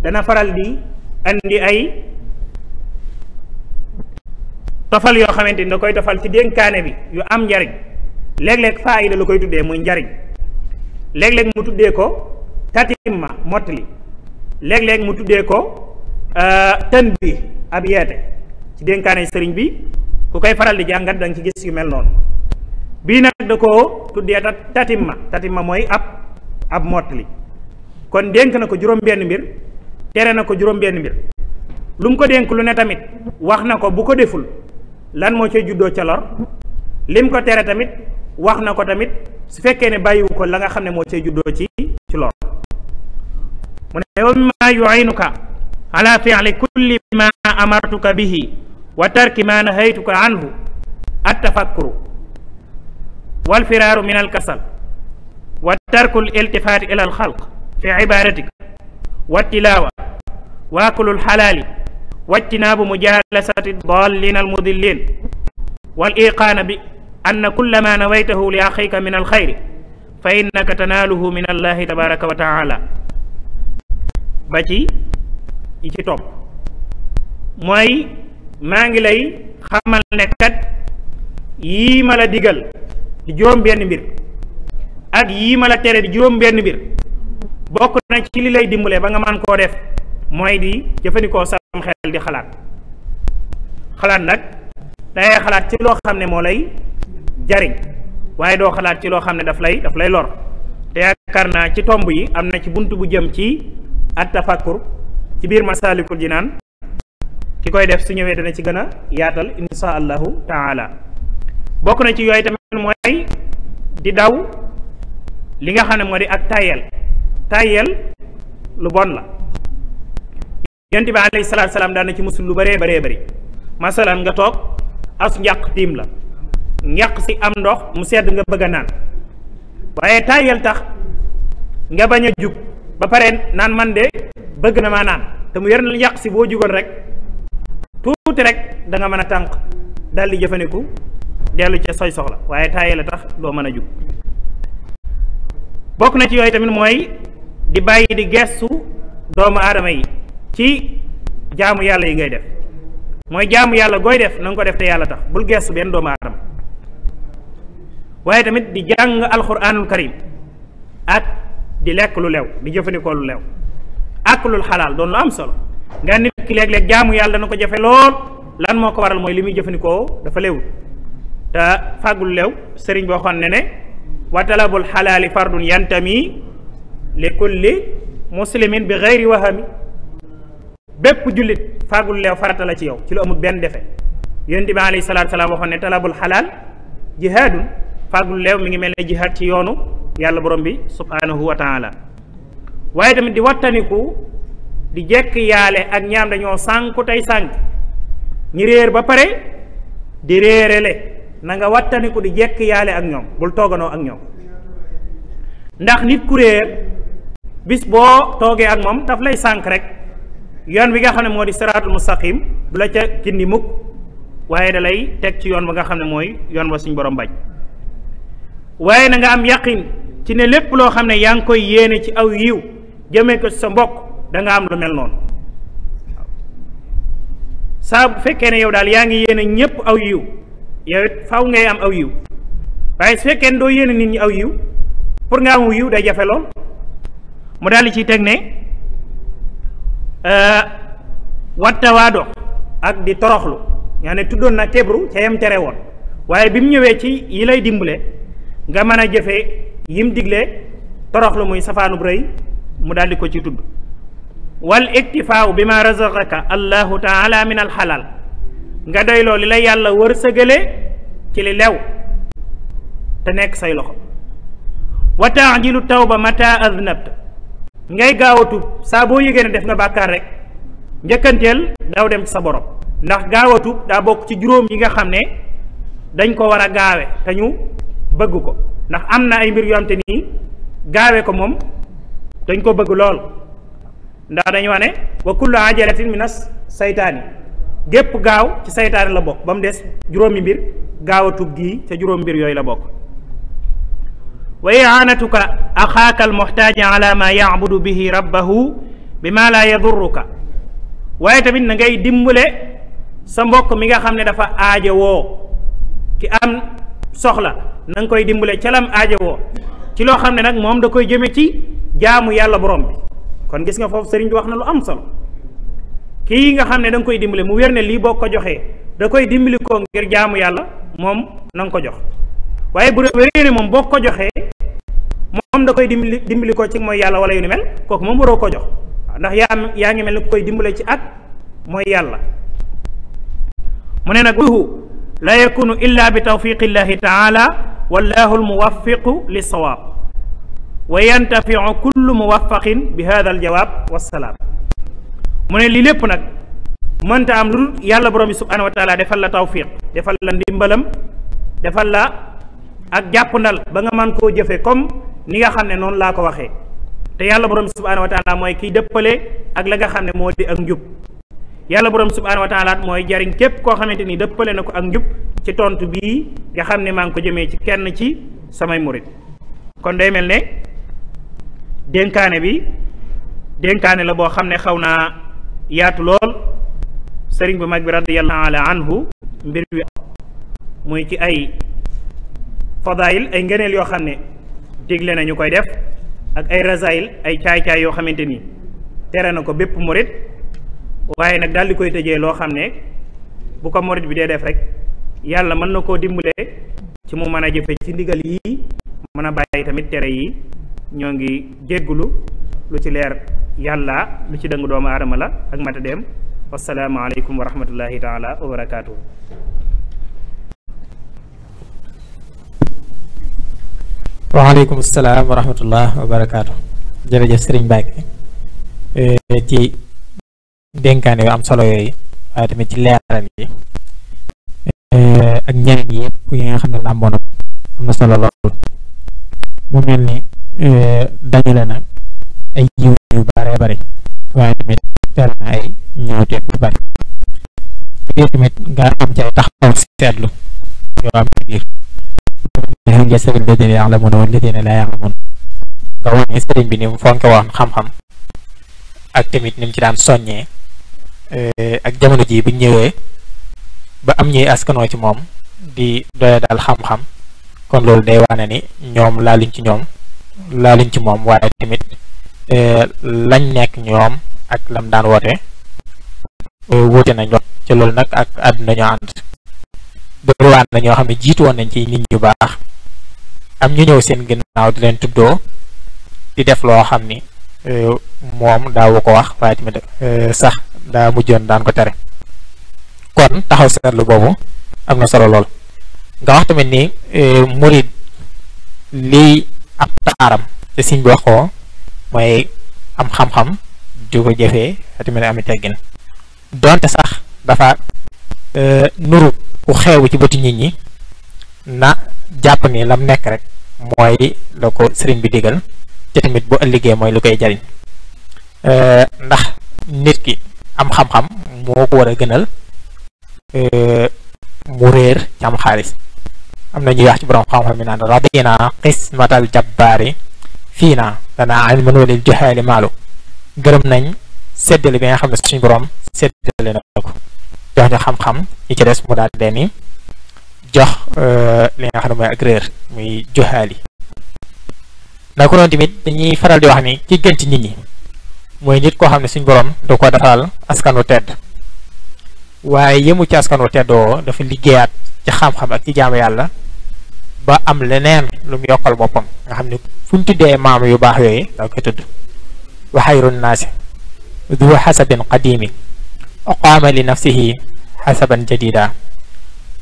S1: dana faral di andi ay tofal yoo xamante ni da koy tofal ci dénkaane bi yu am njariñ léeg-léeg faayida lu koy tuddee muy njariñ léeg-léeg mu tuddee ko tatimma mottali léeg-léeg mu tuddee ko euh, tën bi ab yeete ci dénkaane sëriñ bi ku koy faral di jàngat da ci gis yu mel noonu bii nag da koo tuddee tatimma tatimma mooy ab ab mottali kon dénk na ko juróom-benn mbir tere na ko juróom-benn mbir lum ko dénk lu ne tamit wax na ko bu ko deful lan moo cay juddoo ca lor lim ko tere tamit wax na ko tamit su fekkee ne bàyyiwu ko la nga xam ne moo cay juddoo ci ci lor mu ne wa mimma yuinuka kulli ma amartuka bihi wa tarki ma nahaytuka anhu at tafakkuru wal firaaru kasal wa tarkul iltifaati ila al xalq fi ibadatik wa tilaawa wa akulul xalaali wa ijtinaabu mujalasati dallin al mudillin wal iqaana bi anna kulla ma nawaytahu li axika min al xayri fa innaka tanaaluhu min allahi tabaraka wa taala ba ci yi ci topp mooy maa ngi lay xamal ne kat yii ma la digal ci juróom benn mbir ak yii ma la tere di juróom benn mbir bokk na ci li lay dimbale ba nga man koo def mooy di jëfandikoo sam xel di xalaat xalaat nag dangay xalaat ci loo xam ne moo lay jariñ waaye doo xalaat ci loo xam ne daf lay daf lay lor te yaakaar naa ci tomb yi am na ci bunt bu jëm ci at tafakkur ci biir masaalikul naan ki koy def su ñëwee dana ci gën a yaatal insha allahu taala bokk na ci yooyu tamit mooy di daw li nga xam ne moo di ak tayel tayel lu bon la yonent bi alayhi salaam daan ci musul lu bëree bëree bari masalan nga toog as njàq tiim la njàq si am ndox mu sedd nga bëgg naan waaye tayel tax nga bañ a jug ba pare naan man de bëgg na maa naan te mu yor na njàq si boo jugoon rek tuuti rek danga mën a tànq daldi jëfandiku dellu ca sooy soxla waaye tayel a tax doo mën a jug bokk na ci yooyu tamit mooy di bàyyi di gestu doomu aadama yi ci jaamu yàlla yi ngay def mooy jaamu yàlla gooy def na nga ko def te yàlla tax bul gestu benn doomu aadama waaye tamit di jàng alxuraanul karim ak di lekk lu lew di jëfandikoo lu lew ak lul xalaal doon lu am solo nga nit ki léeg-léeg jaamu yàlla dana ko jafe lool lan moo ko waral mooy li muy jëfandikoo dafa lewul te fàggul lew sëriñ boo xam ne ne wa talabul xalaali fardun yantami li kulli muslimin bi xeyri wahami bépp jullit fagul leew farata ci yow ci lu amul benn defe yonent bi alayhi salaatu salaam waxoon ne talabul xalaal jihaadun fagul leew mi ngi mel ne jihaad ci yoonu yàlla borom bi subhanahu wa taala waaye tamit di wattaniku di jekk yaale ak ñaam dañoo sànku tey sànk ñi réer ba pare di réerele na nga ko di jekk yaale ak ñoom bul tooganoo ak ñoom ndax nit ku bis boo toogee ak moom daf lay sànq rek yoon bi nga xam ne moo di siraatul mustaqim du la ca gindi mukk waaye da lay teg ci yoon ba nga xam ne mooy yoon ba suñ borom bañ waaye na nga am yaqin ci ne lépp loo xam ne yaa ngi koy yéene ci aw yiw jëme ko ci sa mbokk da nga am lu mel noonu saa bu fekkee ne yow daal yaa ngi yéene ñépp aw yiw yow it faaw ngay am aw yiw waaye su fekkee doo yéene nit ñi aw yiw pour nga am aw yiw day jafe lool mu daal di ciy teg ne euh, wattawaado ak di toroxlu nga ne tuddoon na kebru ca yam tere woon waaye bi mu ñëwee ci yi lay dimbale nga mën a jëfe yim digle toroxlu muy safaanub rëy mu daal di ko ci tudd wal iktifaaw bi ma razaqaka allahu taala min alxalaal nga doyloo li la yàlla wër sëgale ci li lew te nekk say loxo wa taw ba mata aznabta ngay gaaw a tuub saa boo yëgee ne def nga bàkkaar rek njëkkanteel daw dem ci sa borom ndax gaaw a daa bokk ci juróom yi nga xam ne dañ ko war a gaawe te ñu bëgg ko ndax am na ay mbir yoo nii gaawe ko moom dañ ko bëgg lool ndax dañu wax ne wa kullu ajalatin seytaan yi gépp gaaw ci saytaane la bokk ba mu des juróomi mbir gaawatug gii ca juróom mbir yooyu la bokk waaye iaanatuka axaaka almuxtaaja ala ma yacbudu waaye tamit na ngay dimbale sa mbokk mi nga xam ne dafa aaja woo ki am soxla na koy dimbale ca lam aaja woo ci loo xam ne nag moom da koy jëme ci jaamu yàlla borom bi kon gis nga foofu sëriñ bi wax na lu am solo kii nga xam ne danga koy dimbale mu wér ne lii boo ko joxee da koy dimbali ngir jaamu yàlla moom nanga ko jox waaye bu wéree ne moom boo ko joxee moom da koy dimbali dimbali koo ci mooy yàlla wala yu ni mel kooku moom waroo ko jox ndax yaa yaa ngi mel ni ku koy dimbale ci ak mooy yàlla mu ne nag wuhu la yakunu illa bi tawfiqi llahi taala wallahu almuwafiqu lissawaab wa yantafiu kullu muwafaqin bi hada aljawaab wassalaam mu ne lii lépp nag mënta am lu yàlla borom bi subhanahu wa taala defal la tawfiq defal la ndimbalam defal la ak jàpp jàppandal ba nga mën koo jëfe comme ni nga xam ne noonu laa ko waxee te yàlla borom bi subhanahu mooy kiy dëppale ak la nga xam ne moo di ak njub yàlla borom bi subhanahu mooy jariñ képp koo xamante ni dëppale na ko ak njub ci tontu bii nga xam ne maa ngi ko jëmee ci kenn ci samay murit kon day mel ne dénkaane bi dénkaane la boo xam ne xaw naa yaatu lool sëriñ bu mag bi radiyallahu taala anhu mbir wi muy ci ay fadaayil ay ngëneel yoo xam ne digle nañu koy def ak ay rasaayil ay caay-caay yoo xamante ni tere na ko bépp murit waaye nag daal di koy tëjee loo xam ne bu ko murit bi dee def rek yàlla mën na koo dimbale ci mu mën a jëfe ci ndigal yii mën a bàyyi tamit tere yi ñoo ngi jéggulu lu ci leer yàlla lu ci dëng doomu aadama la ak matadeem wasalaamaaleykum wa rahmatullahi taala wa barakaatu.
S2: waaleykum wa rahmatullah wa barakaatu. jërëjëf Serigne eh, ci dénkaane yu am solo yooyu waaye ci leeral yi eh, ak ñeneen yi yëpp nga xam ne làmboo na ko solo lool mu mel ni eh, dañu leen ay jiw yu bare bare waaye tamit tere ay ñaawteef yu bare biir tamit nga am ci ay taxaw seetlu yoo am ci biir hum nga wone bi ni mu fonke woon xam-xam ak tamit ni ci daan soññee eh, ak jamono ji bu ñëwee ba am ñuy askanoo ci moom di doya xam-xam kon loolu day wane ni ñoom laaluñ ci ñoom laaluñ ci moom waaye tamit Eh, lañ nekk ñoom ak lam daan woote eh, woote na ñot ca loolu nag ak àdduna ñoo ànd bëriwaan na ñoo xam ne jiitu woon nañ ci nit ñu baax am ñu ñëw seen ginnaaw di leen tuddoo di def loo xam ni eh, moom daawu ko wax waaye tamit sax daa mujjoon daan ko tere kon taxaw seetlu boobu am na solo lool nga wax tamit ni murid lii ab taaram te siñ bi wax mooy am xam-xam di ko jëfee atimit am teggin donte sax dafa euh, nuru ku xeewu ci bëtu nit ñi na jàpp ni lam nekk rek mooy la ko sëriñ bi digal te tamit bu ëllëgee mooy lu koy jariñ euh, ndax nit ki am xam-xam moo ko war a gënal euh, mu réer ci am xaalis am na ñuy wax ci borom xam-xam yi naan rabina qismatal jabbaari fii naa lanaa ilmun wa lil jahaali maalu gërëm nañ seddale bi nga xam ne suñu borom seddale na ko jox ñu xam-xam ñi ci des mu daal leen ni jox euh, li nga xam ne mooy ak muy joxaali naka noonu tamit dañuy faral di wax ni ki gën ci nit ñi mooy nit koo xam ne suñ borom da ko defal askanu tedd waaye yëmu ci askanu teddoo dafa liggéeyaat ci xam-xam ak ci jaamu yàlla ba am leneen lu mu yokkal boppam nga xam ne fuñ ñu tuddee maam yu baax yooyu da koy tudd wa xayru naasi du xasabin qadimi aqaama li nafsihi xasaban jadida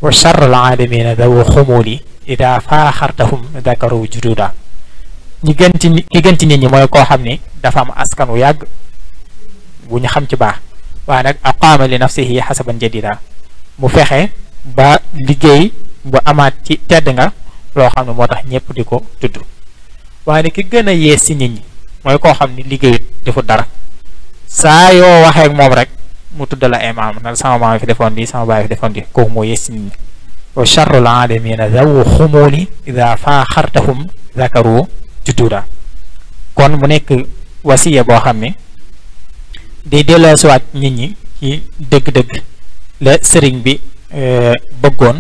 S2: wa charr al alamina dawu xumuli ida koo xam ni dafa am askan wu yàgg bu xam ci baax waaye nag aqaama li nafsihi xasaban jadida mu fexe ba liggéey bu amaat ci tedd nga loo xam ne moo tax ñëpp di ko tudd waaye ne ki gën a yees ci nit ñi mooy koo xam ni liggéeyut defu dara saa yoo waxee ak moom rek mu tudd la ay maam na sama maam fi defoon di sama baay fi defoon di kooku moo yees ci nit ñi wa charrul alamina zawu xumuuli ida faaxartahum zakaru jududa kon mu nekk wasiya boo xam ne di delloosiwaat nit ñi ci dëgg-dëgg la sëriñ bi euh, bëggoon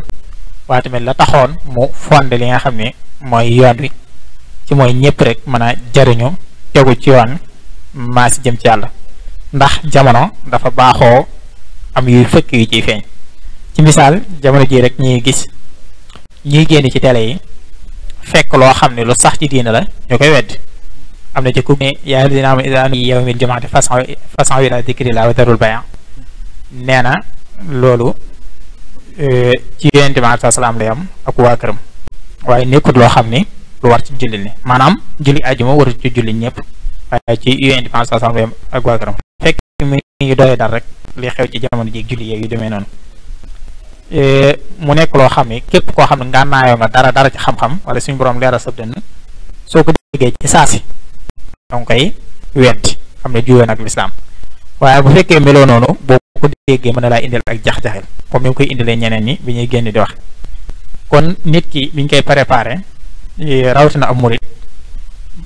S2: waaye tamit la taxoon mu fonde li nga xam ne mooy yoon wi ci mooy ñëpp rek mën a jariñu tegu ci yoon maa si jëm ci yàlla ndax jamono dafa baaxoo am yuy fëkk yu ciy feeñ ci misaal jamono jii rek ñuy gis ñuy génn ci télé yi fekk loo xam ne lu sax ci diina la ñu koy wedd am na ci ku ne yaa dina am idaanu yawmil jamaati façon façon wi la dikri la wa darul bayan loolu Eh, ci yonent bi alayhi salaam lay am ak waa këram waaye nekkut loo xam ni lu war ci jullit ni maanaam julli ajuma waru ci jullit ñëpp waaye ci yonent bi alayhi salaam lay am ak waa këram fekk mi ngi doy dal rek li xew ci jamono ji julli yeeg yu demee noonu eh, mu nekk loo xam ni képp koo xam ne ngànnaayoo nga dara dara ci xam-xam wala suñ borom leeral sab dënn soo ko déggee ci saasi donc koy wetti xam ne juwee nag lislaam waaye bu fekkee meloo noonu bu ko déggee mën na laa indil ak jax-jaxel comme ni mu koy indilee ñeneen ñi bi ñuy génn di wax kon nit ki biñ koy préparé eh, rawatina am murit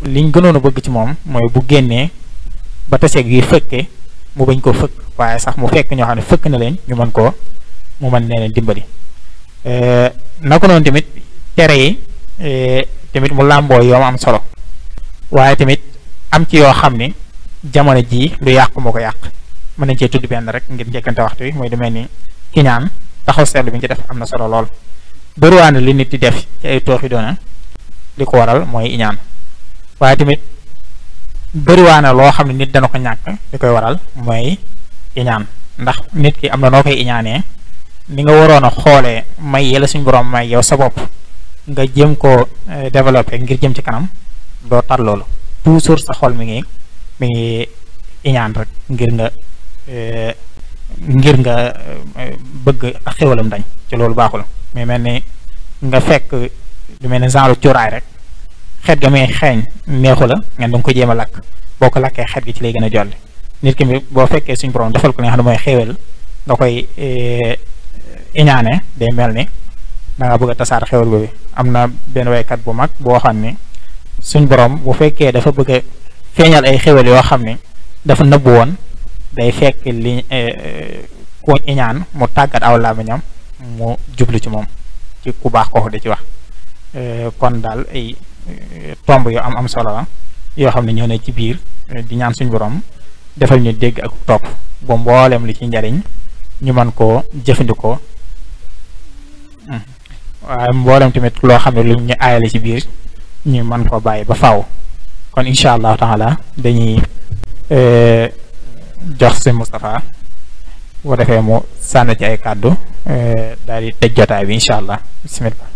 S2: liñ gënoon a bëgg ci moom mooy bu génnee ba taseeg yi fëkke mu bañ koo fëkk waaye sax mu fekk ñoo xam ne fëkk na leen ñu mën koo mu mën nee leen dimbali eh, naka noonu tamit tere yi eh, tamit mu làmboo yoom am solo waaye tamit am ci yoo xam ne jamono jii lu yàq moo ko yàq mën nañ cee tudd benn rek ngir njëkkante waxtu wi mooy demee ni kiñaan taxaw seetlu bi ñu ci def am na solo lool bëriwaane li nit di def ci ay tooxi li ko waral mooy iñaan waaye tamit bëriwaane loo xam ne nit dana ko ñàkk li koy waral mooy iñaan ndax nit ki am na noo koy iñaanee ni nga waroon a xoolee may yella suñ borom may yow sa bopp nga jëm koo eh, développé ngir jëm ci kanam doo tar loolu toujours sa xol mi ngi mi ngi iñaan rek ngir nga Eh, ngir nga eh, bëgg ak xéwalam dañ ci loolu baaxul mais mel ni nga fekk lu mel ne genre cuuraay rek xet ga muy xeeñ neexu la ngeen da ko jéem a lakk boo ko lakkee xet gi ci lay gën a jolli nit ki boo fekkee suñu borom defal ko li nga xam ne mooy xéwal nga koy eh, iñaane day mel ni da nga a tasaar xéwal boobu am na benn waykat bu mag boo xam ni suñ borom bu fekkee dafa bëgg feeñal ay xéwal yoo xam ni dafa nëbbu woon day fekk li eh, kuñ iñaan mu tàggat aw làmmiñam mu jublu ci moom ci ku baax kooku da ci wax eh, kon daal ay eh, tomb yu am am solo la yoo xam ne ñoo ne ci biir di ñaan suñu borom defal ñu dégg ak topp ba mboolem li ci njariñ ñu man koo jëfandikoo hmm. waaye mboolem tamit loo xam ne lu ñu aayale ci biir ñu mën koo bàyyi ba faaw kon incha allahu taala dañuy jox si Moustapha bu defee mu sànn ci ay kàddu eh, daal di tëj jotaay bi incha allah bismillah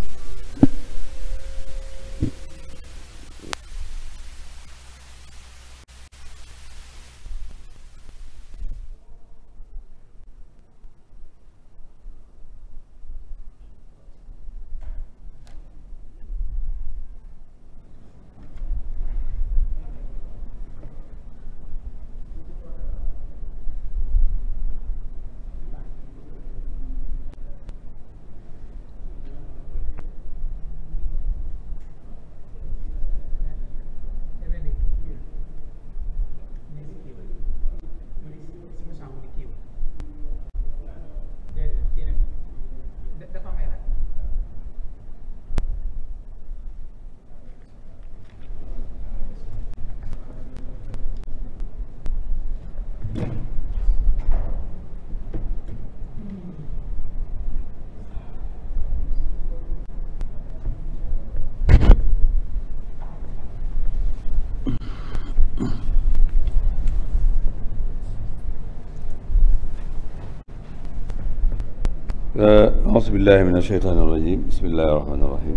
S3: billahi min asheytaan irajim bismillahi rahmaani rahim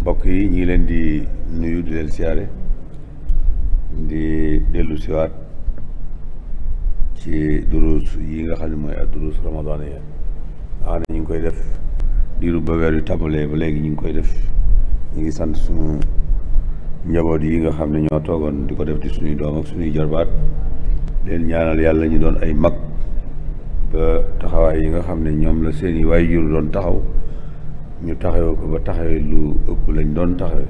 S3: mbokk yi ñu ngi leen di nuyu di leen siyaare di dellu siwaat ci duruus yi nga xam ne mooy ak duruus ramadaan yi xam ne ñu ngi koy def diiru ba weer yu ba léegi ñu ngi koy def ñu ngi sant suñu njaboot yi nga xam ne ñoo toogoon di ko def di suñuy doom ak suñuy jarbaat leen ñaanal yàlla ñu doon ay mag taxawaay yi nga xam ne ñoom la seeni waajur doon taxaw ñu taxawee ko ba taxawee lu ëpp lañ doon taxawee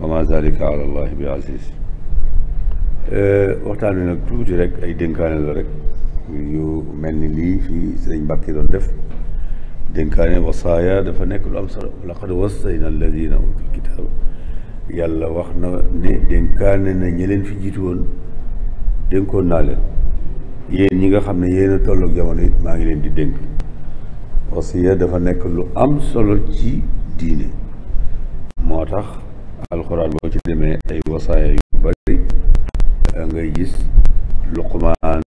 S3: wa ma zalika ala allahi bi aziz eh, waxtaan bi nag tuuti rek ay dénkaane la rek yu mel ni lii fii sëriñ Mbàkke doon def dénkaane wasaaya dafa nekk lu am na laqad wasayna alladina utul kitaab yàlla wax na ni dénkaane na ñi leen fi jiitu woon dénkoon naa leen yéen ñi nga xam ne yéen a tolloog jamono it maa ngi leen di dénk wasiya dafa nekk lu am solo ci diine moo tax alxuraan boo ci demee ay wasaaya yu bari ngay gis luqmaan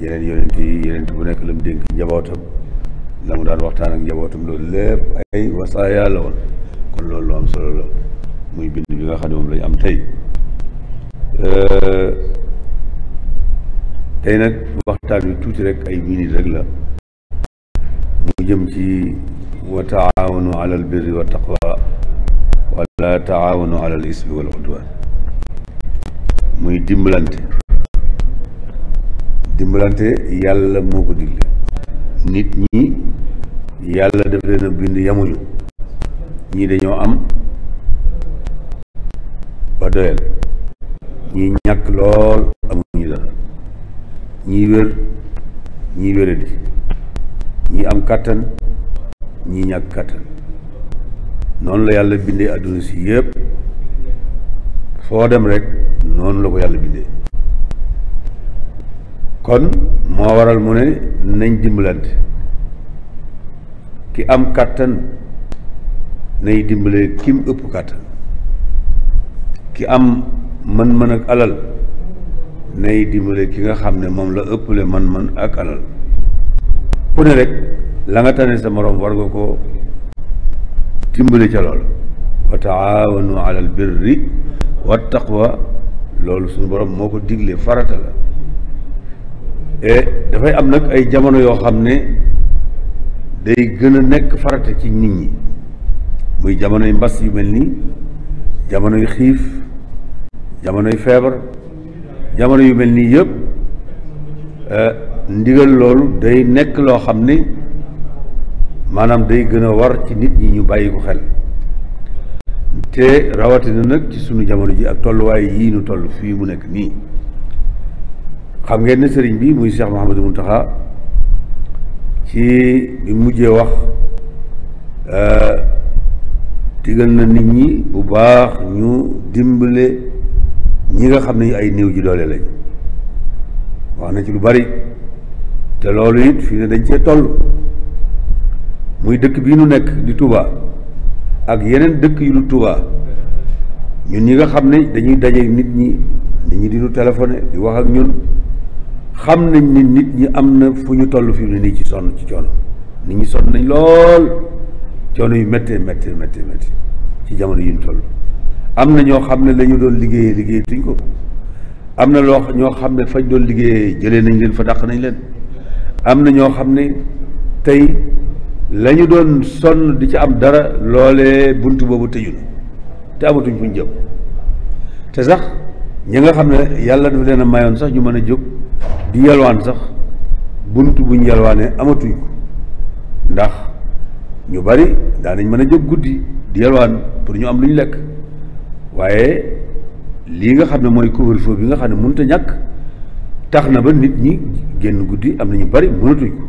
S3: yeneen yonent yi yonent bu nekk la mu dénk njabootam la mu daan waxtaan ak njabootam loolu lépp ay wasaaya la woon kon loolu lu am solo la muy bind bi nga xam ne moom lañ am tey euh, tey nag waxtaan wi tuuti rek ay minit rek la mu jëm ci wa taawanu ala al birri wa taqwa wala taawanu ala al ismi wal muy dimbalante dimbalante yàlla moo ko digle nit ñi yàlla def leen bind yamuñu ñii dañoo am ba doyal ñii ñàkk lool amuñu dara ñii wér ñii wéradi ñii am kàttan ñii ñàkk kàttan noonu la yàlla bindee àdduna si yëpp foo dem rekk noonu la ko yàlla bindee kon moo waral mu ne nañ dimbalante ki am kàttan nay dimbale kim ëpp kàttan ki am mën-mën ak alal nay dimbale ki nga xam ne moom la ëpple man-man ak alal ku ne rek la nga tane sa moroom war nga ko dimbale ca lool wa taawanu ala al birri wa loolu suñu borom moo ko digle farata la e, dafay am nag ay jamono yoo xam ne day gën a nekk farata ci nit ñi muy jamonoy mbas yu mel nii jamonoy xiif jamonoy feebar jamono yu mel nii yëpp eh, ndigal loolu day nekk loo xam ni maanaam day gën a war ci nit ñi ñu bàyyi ko xel te rawatina nag ci suñu jamono ji ak tolluwaay yii nu toll fii mu nekk nii xam ngeen ne sëriñ bi muy Cheikh mu Mountakha ci bi mujjee wax eh, digal na nit ñi bu baax ñu dimbale ñi nga xam ne ay néew ji doole lañ wax na ci lu bari te loolu it fii ne dañ cee toll muy dëkk bi nu nekk di Touba ak yeneen dëkk yu lu Touba ñun ñi nga xam ne dañuy daje nit ñi nit ñi di nu téléphoné wax ak ñun xam nañ ni nit ñi am na fu ñu toll fii mu ne nii ci sonn ci coono nit ñi sonn nañ lool coono yu méttee méttee méttee méttee ci jamono yi ñu toll. am na ñoo xam ne la ñu doon liggéeyee liggéey tuñ ko am na loo ñoo xam ne fañ doon liggéeyee jëlee nañ leen fa dàq nañ leen am na ñoo xam ne tey la doon sonn di ci am dara loole bunt boobu tëju na te amatuñ fuñ jëm te sax ñi nga xam ne yàlla dafa leen a mayoon sax ñu mën a jóg di yalwaan sax bunt buñ yalwaanee amatuñ ko ndax ñu bari daanañ mën a jóg guddi di yalwaan pour ñu am lu ñu lekk waaye lii nga xam ne mooy couvre-feu bi nga xam ne mënut a ñàkk tax na ba nit ñi génn guddi am na ñu bari mënatuñ ko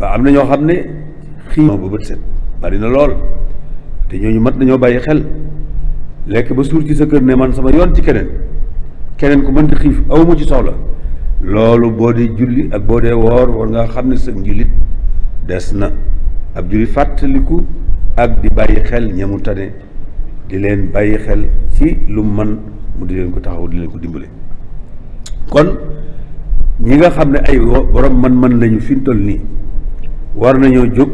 S3: waaw am na ñoo xam ne xii ba bët set bari lool te ñooñu mat nañoo bàyyi xel lekk ba suur ci sa kër ne man sama yoon ci keneen keneen ku mënti xiif awuma ci soxla loolu boo dee julli ak boo dee woor war nga xam ne sa njullit des na ab julli fàttaliku ak di bàyyi xel ñamu tane di leen bàyyi xel ci lu man mu di leen ko taxaw di leen ko dimbale kon ñi nga xam ne ay borom man-man lañu fi toll nii war nañoo jóg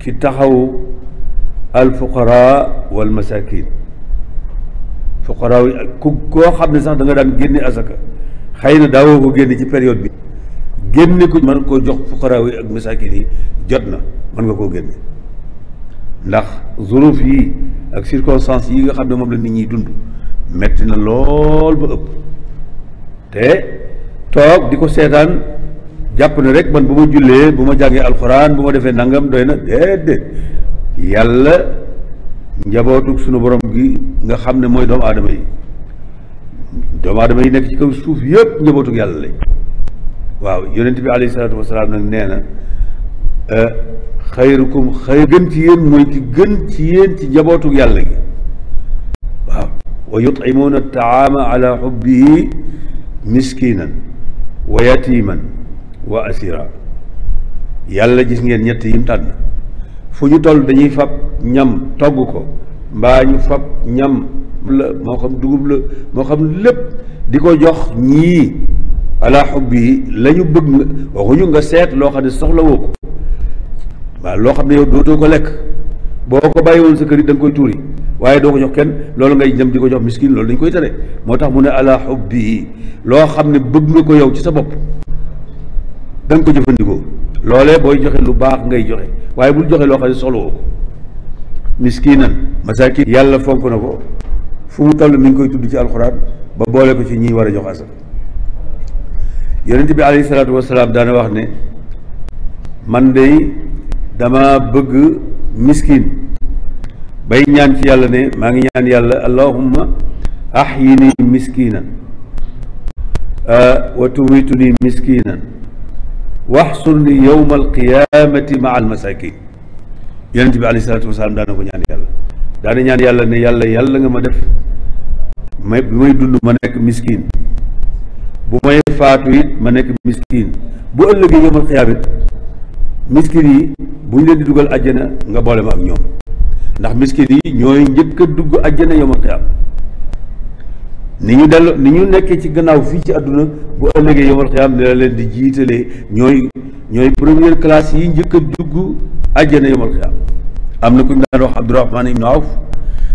S3: ci taxaw al fuqara wal masakin fuqara yi ku koo xam ne sax danga daan génne asaka xëy na daawoo ko génne ci période bi génne ko mën koo jox fuqara yi ak masakin yi jot na mën nga koo génne ndax zuruf yi ak circonstances yi nga xam ne moom la nit ñiy dund metti na lool ba ëpp te toog di ko seetaan jàpp ne rek man bu ma jullee bu ma jàngee alxuraan bu ma defee nangam doy na déedéet yàlla njabootu sunu borom gi nga xam ne mooy doomu aadama yi doomu aadama yi nekk ci kaw suuf yëpp njabootu yàlla lañ waaw yonent bi alayhi salaatu wasalaam nag nee na Eh, xayrukum xayr gën ci yéen mooy ki gën ci yéen ci njabootu yàlla gi waaw wa yutcimuuna taama ala xubbihi miskinan wa yatiman wa asira yàlla gis ngeen ñett yim tànn fu ñu toll dañuy fab ñam togg ko mbaa ñu fab ñam la moo xam dugub la moo xam lépp di ko jox ñii ala xubbi lañu la ñu bëgg nga nga seet loo xam ne soxlawoo ko waaw loo xam ne yow dootoo ko lekk boo ko bàyyiwoon sa kër yi da nga koy tuuri waaye doo ko jox kenn loolu ngay jëm di ko jox miskin loolu dañ koy tere moo tax mu ne ala hubbi loo xam ne bëgg nga ko yow ci sa bopp da ko jëfandikoo loolee booy joxe lu baax ngay joxe waaye bul joxe loo xam ne soxla woo ko yàlla fonk na ko fu mu toll mi ngi koy tudd ci alxuraan ba boole ko ci ñi war a jox asal yonent bi alayhi salaatu wasalaam daana wax ne man dama bëgg miskin bay ñaan ci yàlla ne maa ngi ñaan yàlla allahumma ahyini miskinan ah, wa tumituni miskinan waxsurni yowma alqiyamati maa almasakin yonent bi alayhi salaatu wasalaam daana ko ñaan yàlla yàlla ne yàlla yàlla nga ma def may bi may dund ma nekk miskin bu may faatu it ma nekk miskin bu ëllëgee yowmal xiyaama miskin yi bu ñu leen di dugal àjjana nga boole ma ak ñoom ndax miskin yi ñooy njëkk a dugg àjjana yomal xiyaam ni ñu dellu ni ñu nekkee ci gannaaw fii ci àdduna bu ëllëgee yomal xiyaam ni la leen di jiitalee ñooy ñooy première classe yi njëkk a dugg àjjana yomal xiyaam am na ko ñu daan wax Abdurahman ibn Awf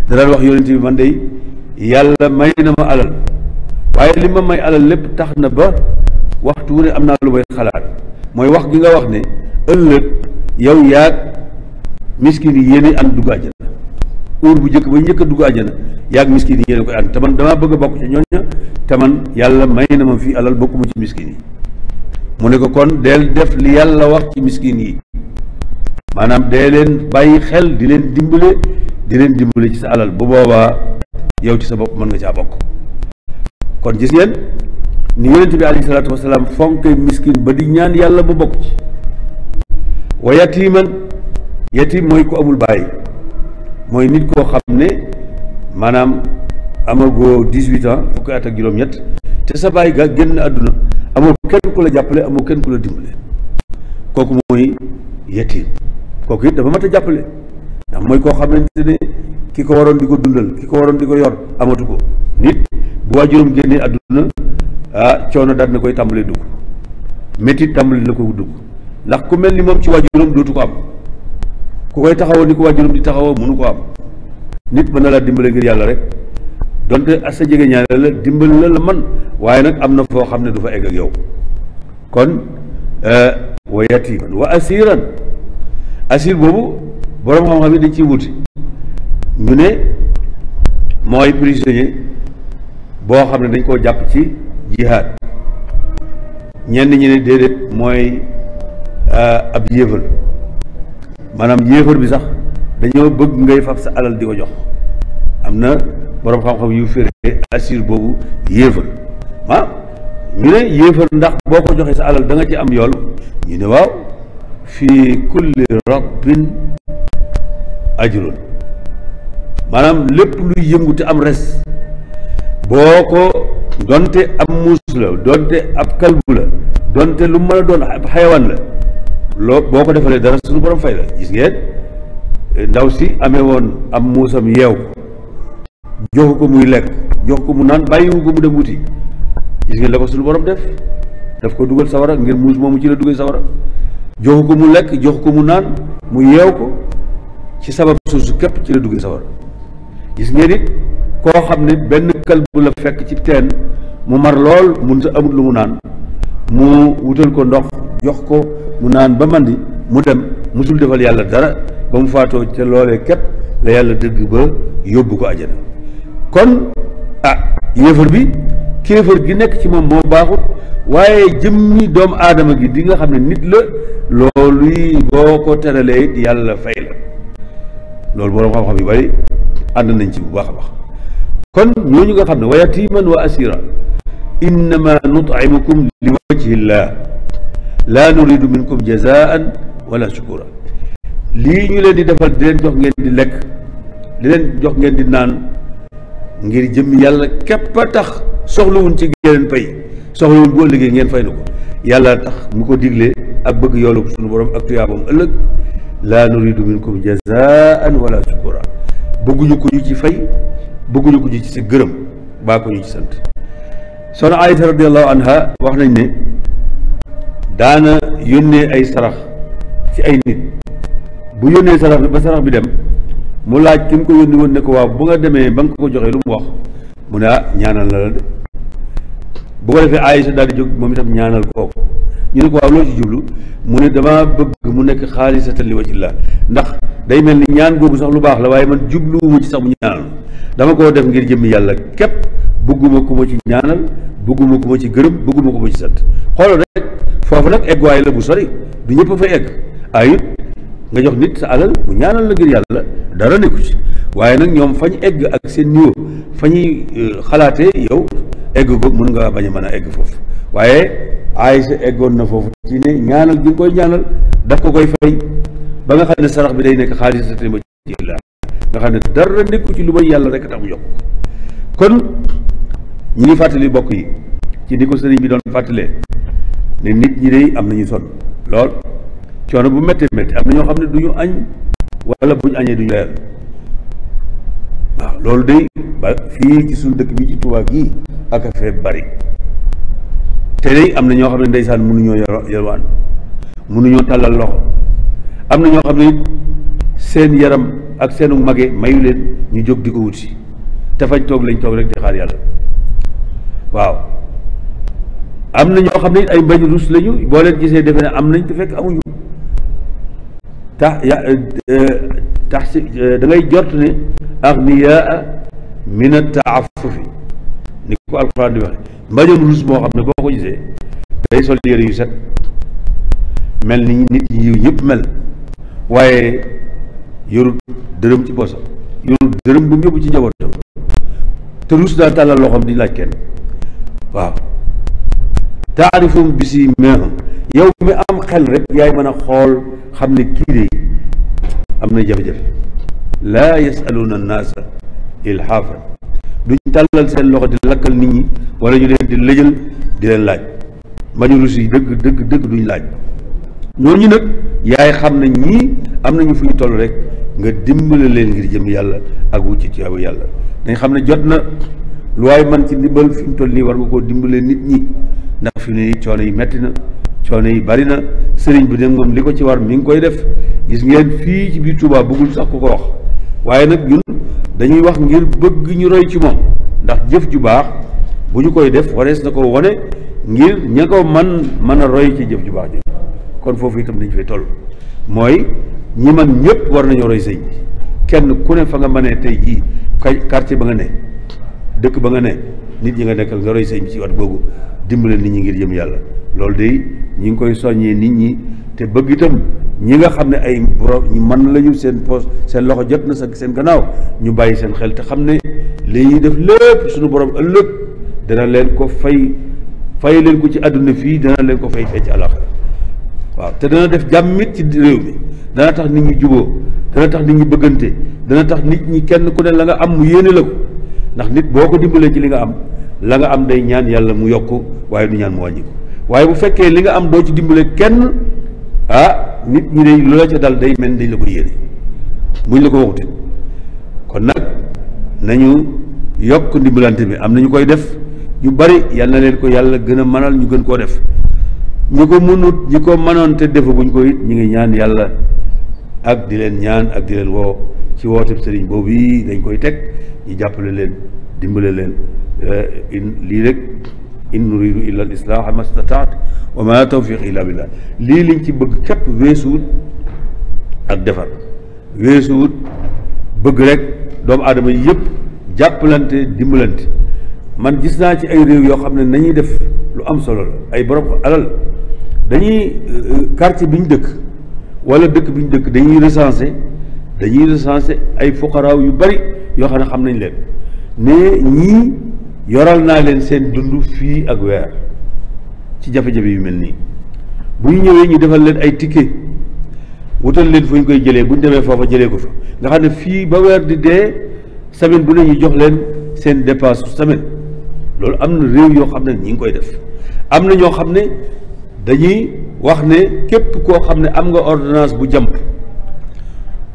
S3: da daan wax yonent bi man de yàlla may na ma alal waaye li ma may alal lépp tax na ba waxtu wu ne am naa lu may xalaat mooy wax gi nga wax ne ëllëg yow yaag miskin yi yéen ànd dugg àjjana uur bu njëkk ba njëkk a dugg àjjana yaag miskin yi yéen koy ànd te man damaa bëgg a bokk ci ñooña te man yàlla may na ma fii alal bokkuma ci miskin yi mu ne ko kon deel def li yàlla wax ci miskin maanaam dee leen bàyyi xel di leen dimbale di leen dimbale ci sa alal bu boobaa yow ci sa bopp mën nga caa bokk kon gis ngeen ni yonent bi alayhi salaatu wasalaam fonke miskin ba di ñaan yàlla bu bokk ci wa yatiiman yatiim mooy ku amul bàyyi mooy nit koo xam ne maanaam amagoo dix-huit ans fukki at ak juróom-ñett te sa bàyyi ga génn àdduna amoo kenn ku la jàppale amoo kenn ku la dimbale kooku mooy yatiim kooku it dafa mat a jàppale ndax mooy koo xam ne ki ko waroon di ko dundal ki ko waroon di ko yor amatu ko nit bu waajuram génnee àdduna ah, coono daal na koy tàmbalee dugg métti tàmbali na ko dugg ndax ku mel ni moom ci waajuram dootu ko am ku koy taxawoo ni ko waajuram di taxawoo mënu ko am nit mën na laa dimbale ngir yàlla rek donte as sa jege ñaare la dimbale man waaye nag am na foo xam ne du fa egg ak yow kon euh, asir boobu boroom xam-xam yi dañ ciy wuti ñu ne mooy prisonnier boo xam ne dañ koo jàpp ci jihaad ñenn ñi déedéet mooy Euh, ab yéefar maanaam yéefar bi sax dañoo bëgg ngay fab sa alal di ko jox am na borom xam-xam yu féree assir boobu yéefal ah ñu ne yéefar ndax boo ko joxee sa alal da nga ci am yool ñu ne waaw fii kulli rabbin ajrun maanaam lépp luy yëngu te am res boo ko donte ab muus la donte ab kalbu la donte lu mën a doon ab xayawaan la loo boo ko defalee dara suñu borom fay la gis ngeen ndaw si amee woon am muusam yeew joxu ko muy lekk jox ko mu naan bàyyiwu ko mu dem wuti gis ngeen la ko suñu borom def daf ko dugal sawara ngir muus moom ci la dugal sawara joxu ko mu lekk joxu ko mu naan mu yeew ko ci sabab suusu képp ci la dugal sawara gis ngeen it koo xam ne benn kalbu la fekk ci teen mu mar lool mun sa amut lu mu naan mu wutal ko ndox jox ko mu naan ba mandi mu dem musul defal yàlla dara ba mu faatoo ca loolee képp la yàlla dëgg ba yóbbu ko ajana kon a ah, yéefar bi kéefar gi nekk ci moom moo baaxut waaye jëmmi doomu aadama gi di nga xam ne nit la loolu boo ko teralee it yàlla fay la loolu boroom xam-xam yu bari ànd nañ ci bu baax a baax kon ñooñu nga xam ne wayatiman wa asira innama nut'imukum li wajhi llah laa nuridu minkum jazaan wala shukura lii ñu leen di defal di leen jox ngeen di lekk di leen jox ngeen di naan ngir jëm yàlla képp a tax soxlawuñ ci ngeen fay soxlawuñ bu ko yàlla tax mu ko digle ak bëgg yoolu ko suñu borom ak tuyaabam ëllëg laa nuridu minkum jazaan wala shukura bëgguñu ko ñu ci fay bëgguñu ko ci si gërëm baa ko ñu ci sant soxna Aysa radiallahu anha wax nañ ne daana yónnee ay sarax ci ay nit bu yónnee sarax bi ba sarax bi dem mu laaj ki mu ko yónni woon ne ko waaw bu nga demee ba nga ko joxee lu mu wax mu ne ah ñaanal la la de bu ko defee Aysa daal di jóg moom itam ñaanal kooku ñu ne ko waaw loo ci jublu mu ne dama bëgg mu nekk xaalis xaalisatan li wajhillah ndax day mel ni ñaan googu sax lu baax la waaye man jubluwuma ci sax mu ñaanal dama koo def ngir jëmmi yàlla képp bëgguma ku ci ñaanal bëgguma ku ma ci gërëm bëgguma ku ma ci sant xoolal rek foofu nag egguwaay la bu sori du ñëpp fa egg ayut nga jox nit sa alal mu ñaanal la ngir yàlla dara nekku ci waaye nag ñoom fañ egg ak seen niveau fa ñuy euh, xalaate yow egg ko mën nga bañ a mën a egg foofu waaye Aysa eggoon na foofu ci ñaanal gi nga koy ñaanal daf ko koy fay ba nga xam ne sarax bi day nekk xaalis sa témba ci laa nga xam ne dara nekku ci lu may yàlla rek tax mu yokk kon ñu ngi fàttali bokk yi ci ni ko sëriñ bi doon fàttalee ne nit ñi day am nañu sonn lool coono bu méttee méttee am na ñoo xam ne du ñu añ wala bu añee du ñu reer waaw loolu day ba fii ci dëkk bi ci Tuubaa gii ak affaire bari te day am na ñoo xam ne ndeysaan mënuñoo yor yorwaan mënuñoo tàllal loxo am na ñoo xam ne seen yaram ak seenu mage mayu leen ñu jóg di ko si te fañ toog lañ toog rek di yàlla waaw am na ñoo xam ne ay mbañ rus lañu ñu gisee defe ne am nañ te fekk amuñu tax ya eh, tax si eh, da ngay jort ne agniyaa min ataafufi ni ko alxuraan di waxe mbañum rus moo xam ne boo ko gisee day sol yére yu set mel ni nit ñu ñépp mel waaye yorul dërëm ci bosam yorul dërëm bu mu yóbbu ci njabootam te ruus naa tàllal loxoom di laaj kenn waaw taarifum bi si meexam yow mi am xel rek yaay mën a xool xam ne kii de am na jafe-jafe laa yasaluuna annaasa ilhaafa duñ tàllal seen loxo di lakkal nit ñi walla ñu leen di lëjal di leen laaj majuruus yi dëgg dëgg dëgg duñ laaj ñooñu nag yaay xam ne ñii am nañu fu ñu toll rek nga dimbale leen ngir jëm yàlla ak wu ci caabu yàlla dañ xam ne jot na lu waay man ci ndimbal fi mu toll nii war nga koo dimbale nit ñi ndax fi mu yi metti na coono yi bari na sëriñ bi nag moom li ko ci war mi ngi koy def gis ngeen fii ci biir Touba bëggul sax ku ko wax waaye nag ñun dañuy wax ngir bëgg ñu roy ci moom ndax jëf ju baax bu ñu koy def warees na ko wone ngir ña ko man mën a roy ci jëf ju baax ji kon foofu itam dañ fay toll mooy ñi man ñëpp war nañoo roy sëñ bi kenn ku ne fa nga mënee tey jii quartier ba nga ne dëkk ba nga ne nit ñi nga nekkal nga roy sëñ bi ci wat googu dimbale nit ñi ngir jëm yàlla loolu de ñi ngi koy soññee nit ñi te bëgg itam ñi nga xam ne ay borom ñu mën lañu seen poos seen loxo jot na sa seen gannaaw ñu bàyyi seen xel te xam ne li ñuy def lépp suñu borom ëllëg dana leen ko fay fay leen ko ci àdduna fii dana leen ko fay fecc àlaxira waaw te dana def jàmmit ci réew mi dana tax nit ñi juboo dana tax nit ñi bëggante dana tax nit ñi kenn ku ne la nga am mu yéene la ko ndax nit boo ko dimbalee ci li nga am la nga am day ñaan yàlla mu yokk waaye du ñaan mu wàññi waaye bu fekkee li nga am doo ci dimbale kenn ah nit ñi day loola ca dal day mel dañ la ko yéene buñ la ko waxutit kon nag nañu yokk ndimbalante bi am na ñu koy def ñu bari yal na leen ko yàlla gën a mënal ñu gën koo def ñi ko mënut ñi ko manoon te defaguñ ko it ñu ngi ñaan yàlla ak di leen ñaan ak di leen woo ci woote sëriñ boobu yi dañ koy teg ñu jàppale leen dimbale leen eh, lii rek in nuridu illa al islaaha ma stataat wa ma tawfiq illa billah lii liñ ci bëgg képp weesuwut ak defar weesuwut bëgg rek doomu aadama yi yëpp jàppalante dimbalante man gis naa ci ay réew yoo xam ne nañuy def lu am solo la ay borom alal dañuy euh, quartier bi ñu dëkk wala dëkk bi ñu dëkk dañuy recenser dañuy recenser ay fuqaraaw yu bari yoo xam ne xam nañ leen ne ñii yoral naa leen seen dund fii ak weer ci jafe-jafe yu mel nii bu ñu ñëwee ñu defal leen ay ticket wutal leen fu ñu koy jëlee bu ñu demee foofa jëlee ko fa nga xam ne fii ba weer di dee semaine bu ne ñu jox leen seen dépasse semaine loolu am na réew yoo xam ne ñi ngi koy def am na ñoo xam ne dañuy wax ne képp koo xam ne am nga ordonnance bu jàmp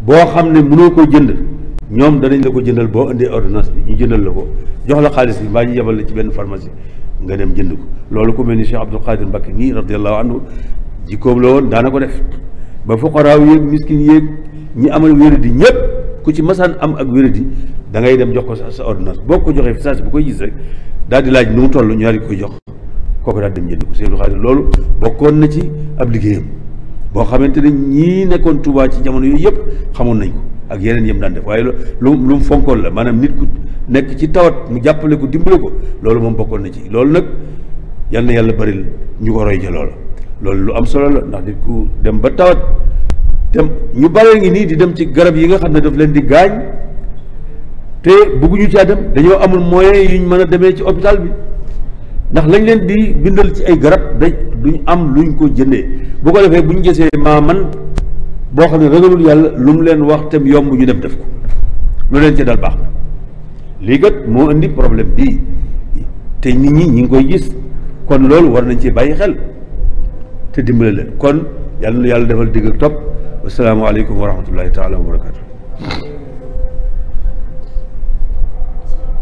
S3: boo xam ne mënoo ko jënd ñoom danañ la ko jëndal boo indee ordonnance bi ñu jëndal la ko jox la xaalis bi mbaa ñu yebal la ci benn pharmacie nga dem jënd ko loolu ku mel ni Cheikh Abdoul Qadir Mbacké nii radiallahu anhu jikkoom la woon daana ko def ba fuqaraaw yéeg miskin yéeg ñi amal wéradi ñëpp ku ci masaan am ak wéradi dangay dem jox ko sa ordonnance boo ko joxee fi bu koy gis rek daal di laaj lu mu toll ñu daal di koy jox kooku daal dem jënd ko Sëriñ Abdou Khadre loolu bokkoon na ci ab liggéeyam boo xamante ne ñii nekkoon Touba ci jamono yooyu yëpp xamoon nañ ko ak yeneen yëm daan def waaye lu lu mu fonkoon la maanaam nit ku nekk ci tawat mu jàppale ko dimbale ko loolu moom bokkoon na ci loolu nag yal na yàlla bari ñu ko roy ca loola loolu lu am solo la ndax nit ku dem ba tawat dem ñu baree ngi nii di dem ci garab yi nga xam ne daf leen di gaañ te bëgguñu caa dem dañoo amul moyen yuñ mën a demee ci hôpital bi ndax lañ leen di bindal ci ay garab dañ duñ am luñ ko jëndee bu ko defee bu ñu gisee maa man boo xam ne ragalul yàlla lu mu leen wax tam yomb ñu dem def ko lu leen ci dal baax na lii kat moo indi problème bii te nit ñi ñi ngi koy gis kon loolu war nañ ci bàyyi xel te dimbale leen kon yàlla na yàlla defal digg ak topp wassalaamu aleykum wa rahmatullahi wa barakatu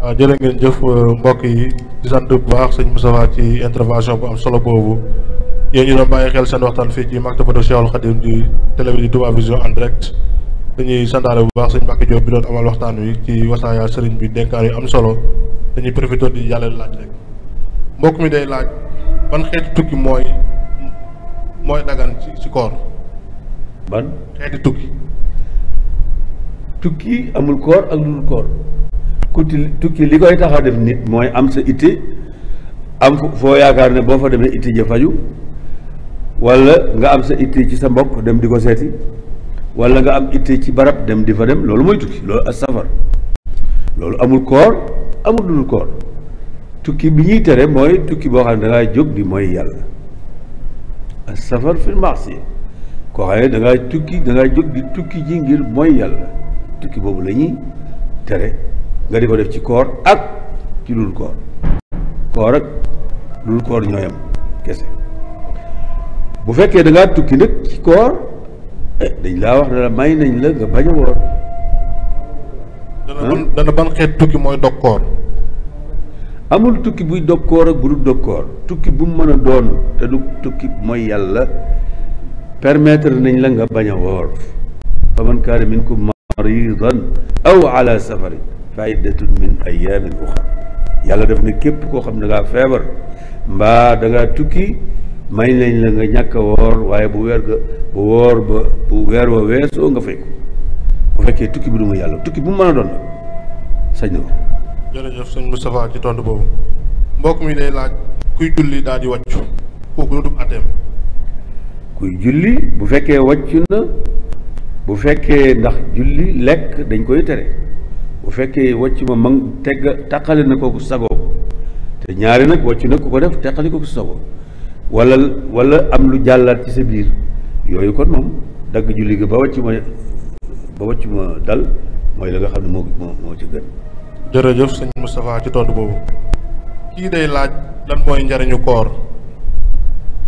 S4: waaw jërë ngeen jëf euh, mbokk yi di sant bu baax sëñ Moustapha ci intervention bu am solo boobu yéen ñu doon bàyyi xel seen waxtaan fii ci Maktabatu Cheikhul Khadim di télé bi di Touba Vision en direct dañuy santaare bu baax sëñ Mbacke Diop bi doon amal waxtaan wi ci wasaaya sëriñ bi dénkaar yu am solo dañuy profité di yàlla laaj rek mbokk mi day laaj ban xeeti tukki mooy mooy dagan ci ci koor. ban xeeti tukki.
S3: tukki amul koor ak lu dul koor. kuti tukki li koy taxaw a def nit mooy am sa itte am foo yaakaar ne boo fa demee itte ja faju wala nga am sa itte ci sa mbokk dem di ko seeti wala nga am itte ci barab dem di fa dem loolu mooy tukki loolu as safar loolu amul koor amul dul koor tukki bi ñuy tere mooy tukki boo xam ne da jóg di mooy yàlla as safar fil maasiya koo xam ne da tukki da jóg di tukki ji ngir mooy yàlla tukki boobu la ñuy tere nga di def ci koor ak ci lul koor koor ak lul koor ñooyam kese bu fekkee da ngaa tukki nag ci koor eh, dañ laa wax ne la may nañ la nga bañ woor dana ban xeet tukki mooy dog koor amul tukki buy dog koor ak bu dul dog koor tukki bu mu mën a doon te du tukki mooy yàlla permettre nañ la nga bañ a woor faman ko minkum maridan aw ala safarin fa iddatun min ayaamin uxra yàlla def na képp koo xam ne dangaa feebar mbaa dangaa tukki may nañ la nga ñàkk woor waaye bu weer ga bu woor ba bu weer wa weesoo nga fay bu fekkee tukki bi du ma yàlla tukki bu mu mën a doon sañ na
S4: ko boobu mbokk mi day laaj kuy julli daal di wàccu
S3: kuy julli bu fekkee wàccu na bu fekkee ndax julli lekk dañ koy tere bu fekkee wàcc ma ma tegg taqale na kooku sagoo te ñaari nag wàcc nag ku ko def teqali kooku sagoo walla walla am lu jàllaat ci sa biir yooyu kon moom dagg julli gi ba wàcc ma ba dal mooy la xam ne moo moo ci gën. jërëjëf sëñ
S4: Moustapha ci tontu boobu.
S3: kii day laaj lan mooy njariñu koor.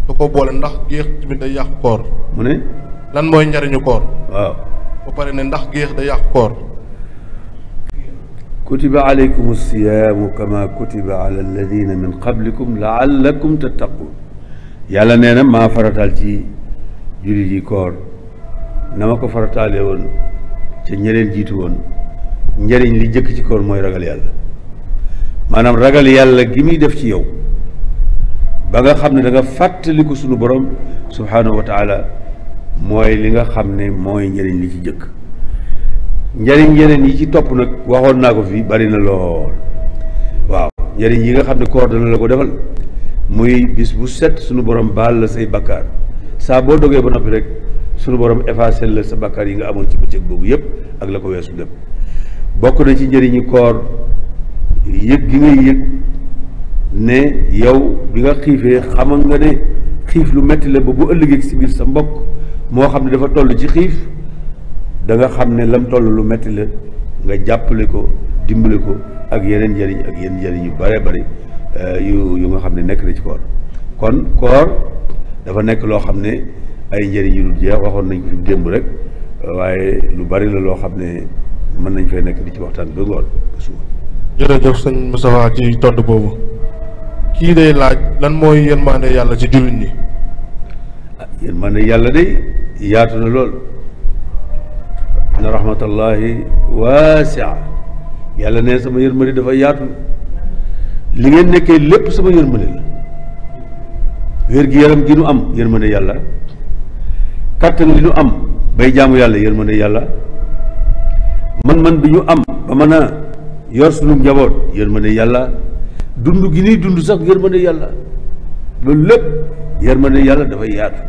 S4: da ko boole ndax géex tamit day yàq koor. mu ne. lan mooy njariñu koor. waaw. ba pare ne ndax géex day yàq
S3: koor. kutiba alaykum alsiyaamu kama kutiba ala alladina min qablikum laallakum tattaquun yàlla nee na maa farataal ci jullit yi koor na ma ko farataale woon ca ñeneen jiitu woon njëriñ li jëkk ci koor mooy ragal yàlla maanaam ragal yàlla gi muy def ci yow ba nga xam ne danga nga fàttali ko sunu borom subhaanahu wa mooy li nga xam ne mooy njëriñ li ci jëkk njëriñ yeneen yi ci topp nag waxoon naa ko fi bari na lool waaw njëriñ yi nga xam ne koor dana la ko defal muy bis bu set sunu borom baal la say bakkaar saa boo dogee ba noppi rek sunu borom effacé la sa bakkaar yi nga amoon ci bëccëg boobu yépp ak la ko weesu lépp bokk na ci njëriñi koor yëg gi ngay yëg ne yow bi nga xiifee xama nga ne xiif lu metti la ba bu ëllëgee si biir sa mbokk moo xam ne dafa toll ci xiif da nga xam ne lam toll lu metti la nga jàppale ko dimbale ko ak yeneen njëriñ ak yeneen njëriñ yu bare bari euh, yu yu nga xam ne nekk na ci koor kon koor dafa nekk loo xam ne ay njëriñ yu dul jeex waxoon nañ ko fi démb rek waaye lu bari la loo xam ne mën nañ fay nekk di ci waxtaan ba ngoon ba suba.
S4: jërëjëf sëñ Moustapha ci tontu boobu
S3: kii day laaj lan
S4: mooy yërmande yàlla ci jullit
S3: ñi. ah yërmande yàlla de yaatu na lool. inna rahmatallahi waasia yàlla ne sama yërmande dafa yaatu li ngeen nekkee lépp sama yërmande la wér gi yaram gi nu am yërmande yàlla kàttan li nu am bay jaamu yàlla yërmande yàlla man-man bi ñu am ba mën a yor sunu njaboot yërmande yàlla dund gi nuy dund sax yërmande yàlla loolu lépp yërmande yàlla dafay yaatu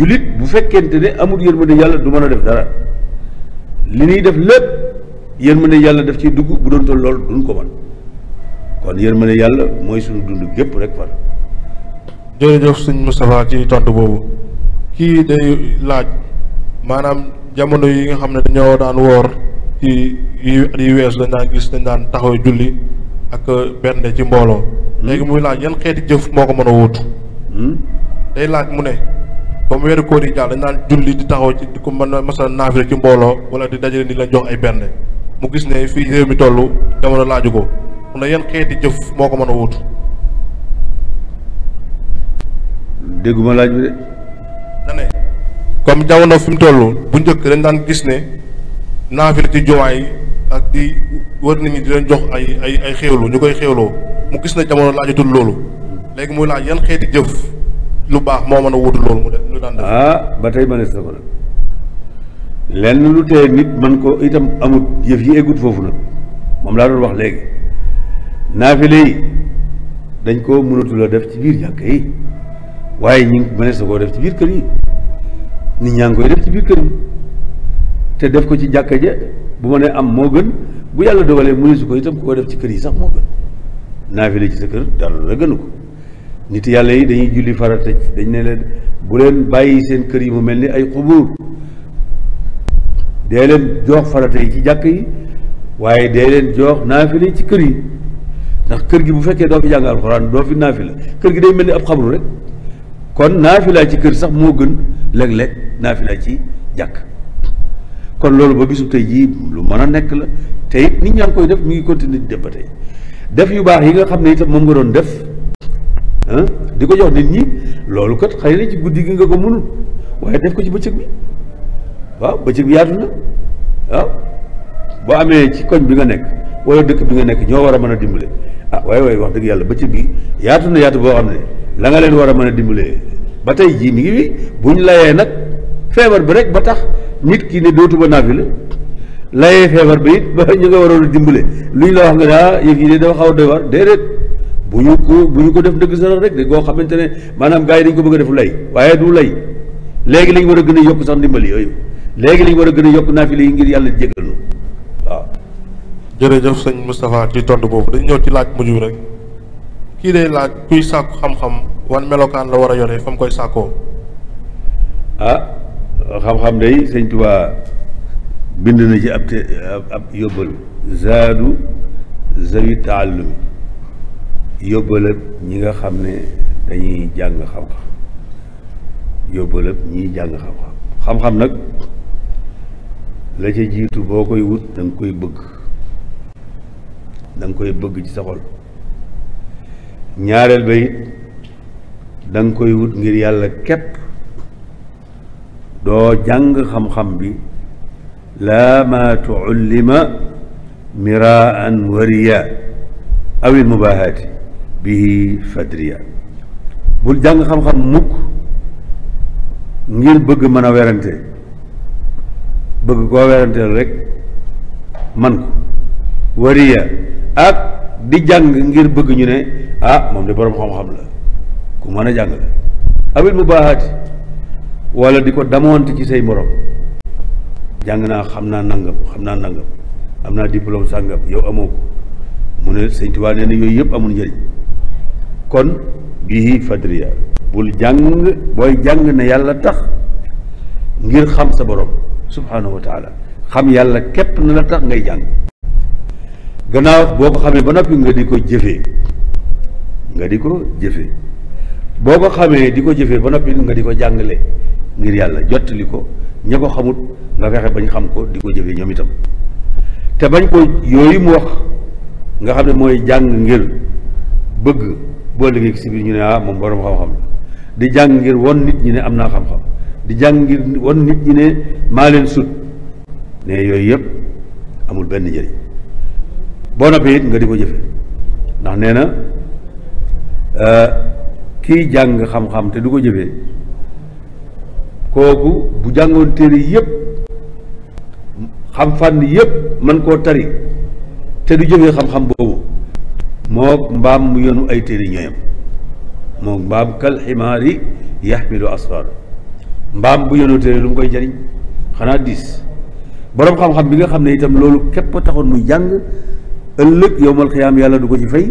S3: jullit bu fekkente ne amul yërmande yàlla du mën a def dara li ñuy def lépp yërmande yàlla def ciy dugg bu doon lool loolu duñ ko man kon ma ne yàlla mooy suñu dund gépp rek far
S4: jërëjëf sëñ Moustapha ci tontu boobu kii day
S3: laaj maanaam
S4: jamono yi nga xam ne dañoo daan woor ci yi at dañ daan gis dañ daan taxaw julli ak bernde ci mbooloo hmm. léegi muy laaj yan xeeti jëf moo ko mën a wóotu hmm. day laaj mu ne comme weeru koor yi jàll dañ naan julli di taxaw ci di ko mën a masal ci mbooloo wala di dajale ni la jox ay bernde mu gis ne fii réew mi toll jamono laaju ko mu ne yan xeeti jëf moo ko mën a wut. laaj bi comme jamono fi mu toll bu njëkk dañ naan gis ne naafira ci jumaa yi ak di wër nit ñi di leen jox ay ay ay xéewlu ñu koy xéewloo mu gis ne jamono laajatul loolu léegi muy laaj yan xeeti jëf.
S3: lu baax moo mën a wutu loolu mu def lu daan def ah, ba tey mënees na ko nag lenn lu tee nit man ko itam amut yëf yi eggut foofu nag moom laa doon wax léegi naafile yi dañ koo mënatul a def ci biir jàkk yi waaye ñi mënees na koo def ci biir kër yi nit ñaa ngi koy def ci biir kër yi te def ko ci jàkka ja bu ma nee am moo gën bu yàlla dogalee mëneesu ko itam ku ko def ci kër yi sax moo gën naafile ci sa kër dara la gënu ko nit yàlla yi dañuy julli farata dañ ne leen bu leen bàyyi seen kër yi mu mel ni ay xubur dee leen jox farata yi ci jàkk yi waaye dee leen joox naafila yi ci kër yi ndax kër gi bu fekkee doo fi jàng alxuraan doo fi naafila kër gi day mel ni ab xabru rek kon naafila ci kër sax moo gën léeg-léeg naafila ci jàkk kon loolu ba gisu tey jii lu mën a nekk la tey nit ñaa ngi koy def mu ngi continuer di def ba def yu baax yi nga xam ne itam moom nga doon def ah di ko jox nit ñi loolu kat xëy na ci guddi gi nga ko mënul waaye def ko ci bëccëg bi waaw bëccëg bi yaatu na waaw boo amee ci koñ bi nga nekk wala dëkk bi nga nekk ñoo war a mën a dimbale ah wax dëgg yàlla bëccëg bi yaatu na yaatu boo xam ne la nga leen war a mën a dimbalee ba tey jii mi ngi fi buñ layee nag feebar bi rek ba tax nit ki ne dootuma naafi la layee feebar bi it ba ñu nga waroon a dimbale luñ la wax nga ne ah yëf yi de dafa xaw a doy war déedéet bu ñu ko bu ñu ko def dëgg sax rek de koo xamante ne maanaam gars yi dañ ko bëgg a def lay waaye du lay léegi lañu war a gën a yokk sax ndimbali yooyu léegi lañ war a gën a yokk naafila yi ngir yàlla jégal nu waaw. jërëjëf sëñ Moustapha ci tontu boobu dañ ñëw ci laaj mujj rek
S4: kii day laaj kuy sàkku xam-xam wan melokaan la war a yore fa koy sàkkoo.
S3: ah xam-xam day sëñ Tuubaa bind na ci ab te ab yóbbal zaadu zawi taallumi yóbbalëb ñi nga xam ne dañuy jàng xam-xam yóbbalëb ñiy jàng xam-xam xam-xam nag la ca jiitu boo koy wut da koy bëgg da nga koy bëgg ci sa xol ñaareel ba it da koy wut ngir yàlla képp doo jàng xam-xam bi laa ma tuullima miraan wariya awil mubaahaati bi fadriya bul jàng xam-xam mukk ngir bëgg mën a werante bëgg koo weranteel rek man ko wariya ak di jàng ngir bëgg ñu ne ah moom de boroom xam-xam la ku mën a jàng la awil mu baaxaati wala di ko damoonte ci say borom jàng naa xam naa nangam xam naa nangam am naa diplôme sàngam yow amoo ko mu ne sëñ Tuubaa nee na yooyu yëpp amul njëriñ kon bii fadriya bul jàng mooy jàng na yàlla tax ngir xam sa borom subhaanahu wa xam yàlla képp na la tax ngay jàng gannaaw boo ko xamee ba noppi nga di ko jëfee nga di ko jëfe boo ko xamee di ko jëfee ba noppi nga di ko jàngale ngir yàlla jottali ko ña ko xamut nga fexe bañ xam ko di ko jëfee ñoom itam te bañ ko yooyu mu wax nga xam ne mooy jàng ngir bëgg boo liggéey si biir ñu ne ah moom borom xam-xam di jàng ngir won nit ñi ne am naa xam-xam di jàng ngir won nit ñi ne maa leen sut ne yooyu yëpp amul benn njëriñ boo noppee it nga di ko jëfe ndax nee na euh, kiy jàng xam-xam te du ko jëfee kooku bu jàngoon téere yëpp xam fànn yëpp mën koo tari te du jëfee xam-xam boobu mook mbaam mu yenu ay téere ñooyam mook mbaam kal ximaari yaxmilu asfar mbaam bu yenu téere lu mu koy jariñ xanaa diis boroom xam-xam bi nga xam ne itam loolu képp taxoon muy jàng ëllëg yowmal xiyaam yàlla du ko ci fay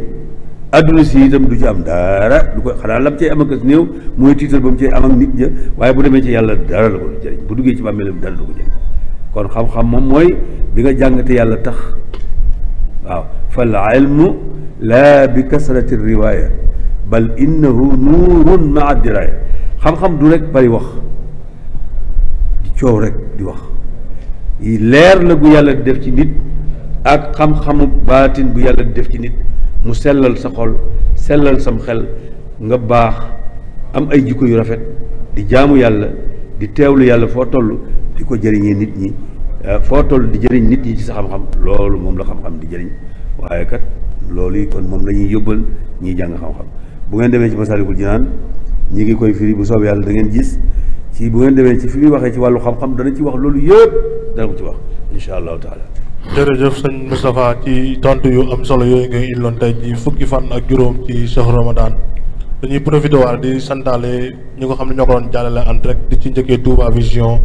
S3: àdduna si itam du ci am dara du ko xanaa lam cay am ak as néew mooy tiital ba mu cay am ak nit ña waaye bu demee ci yàlla dara la ko du jëriñ bu duggee ci bàmmeelam dara du ko jëriñ kon xam-xam moom mooy bi nga jàng te yàlla tax laa bi kasrati riwaaya bal innahu nuurun maa diraaya xam-xam du rek bari wax di coow rek di wax leer la gu yàlla def ci nit ak xam-xamu baatin bu yàlla def ci nit mu sellal sa xol sellal sam xel nga baax am ay jikko yu rafet di jaamu yàlla di teewlu yàlla foo toll di ko jëriñee nit ñi eh, foo toll di jëriñ nit ñi ci sa xam-xam loolu moom la xam-xam di jëriñ waaye kat loolu yi kon moom la ñuy yóbbal ñiy jàng xam-xam bu ngeen demee ci Masaalikul Jinaan ñi ngi koy firi bu soobee yàlla da ngeen gis ci bu ngeen demee ci fi muy waxee ci wàllu xam-xam dana ci wax loolu yëpp dana ko ci wax incha allahu taala. jërëjëf
S4: sëñ Moustapha ci tontu yu am solo yooyu ngay indiloon tey ji fukki fan ak juróom ci shahru Ramadan dañuy profité waar di santaale ñu ko xam ne ñoo ko doon jàllale en direct di ci njëkkee Touba Vision.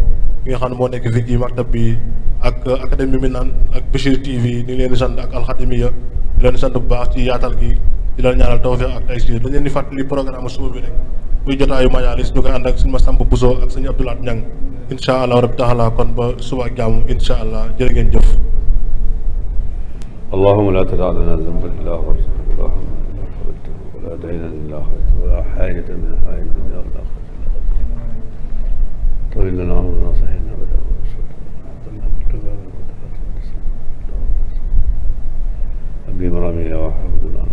S4: ki nga xam ne moo nekk Ziggy Maktab bi ak académie mi naan ak Bichir TV ñu leen di sant ak alxadimiya di leen sant bu baax ci yaatal gi di leen ñaanal tawfiq ak taysir dañ leen di fàttali programme suba bi rek muy jotaayu majaalis ñu koy ànd ak sëñ Masamba Bousso ak sëñ Abdoulaat Ñang incha allah rabbi taala kon ba suba ak jàmm incha allah jërë jëf
S3: la tadaa lana بمرامنا وحفظنا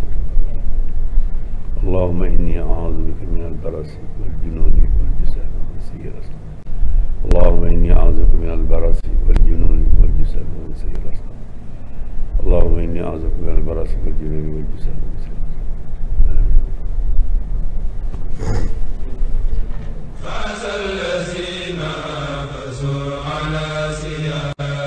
S3: اللهم إني أعوذ بك من البرص والجنون والجسام وسيء الأسلام اللهم إني أعوذ بك من البرص والجنون والجسام وسيء الأسلام اللهم إني أعوذ بك من البرص والجنون والجسام وسيء الأسلام آمين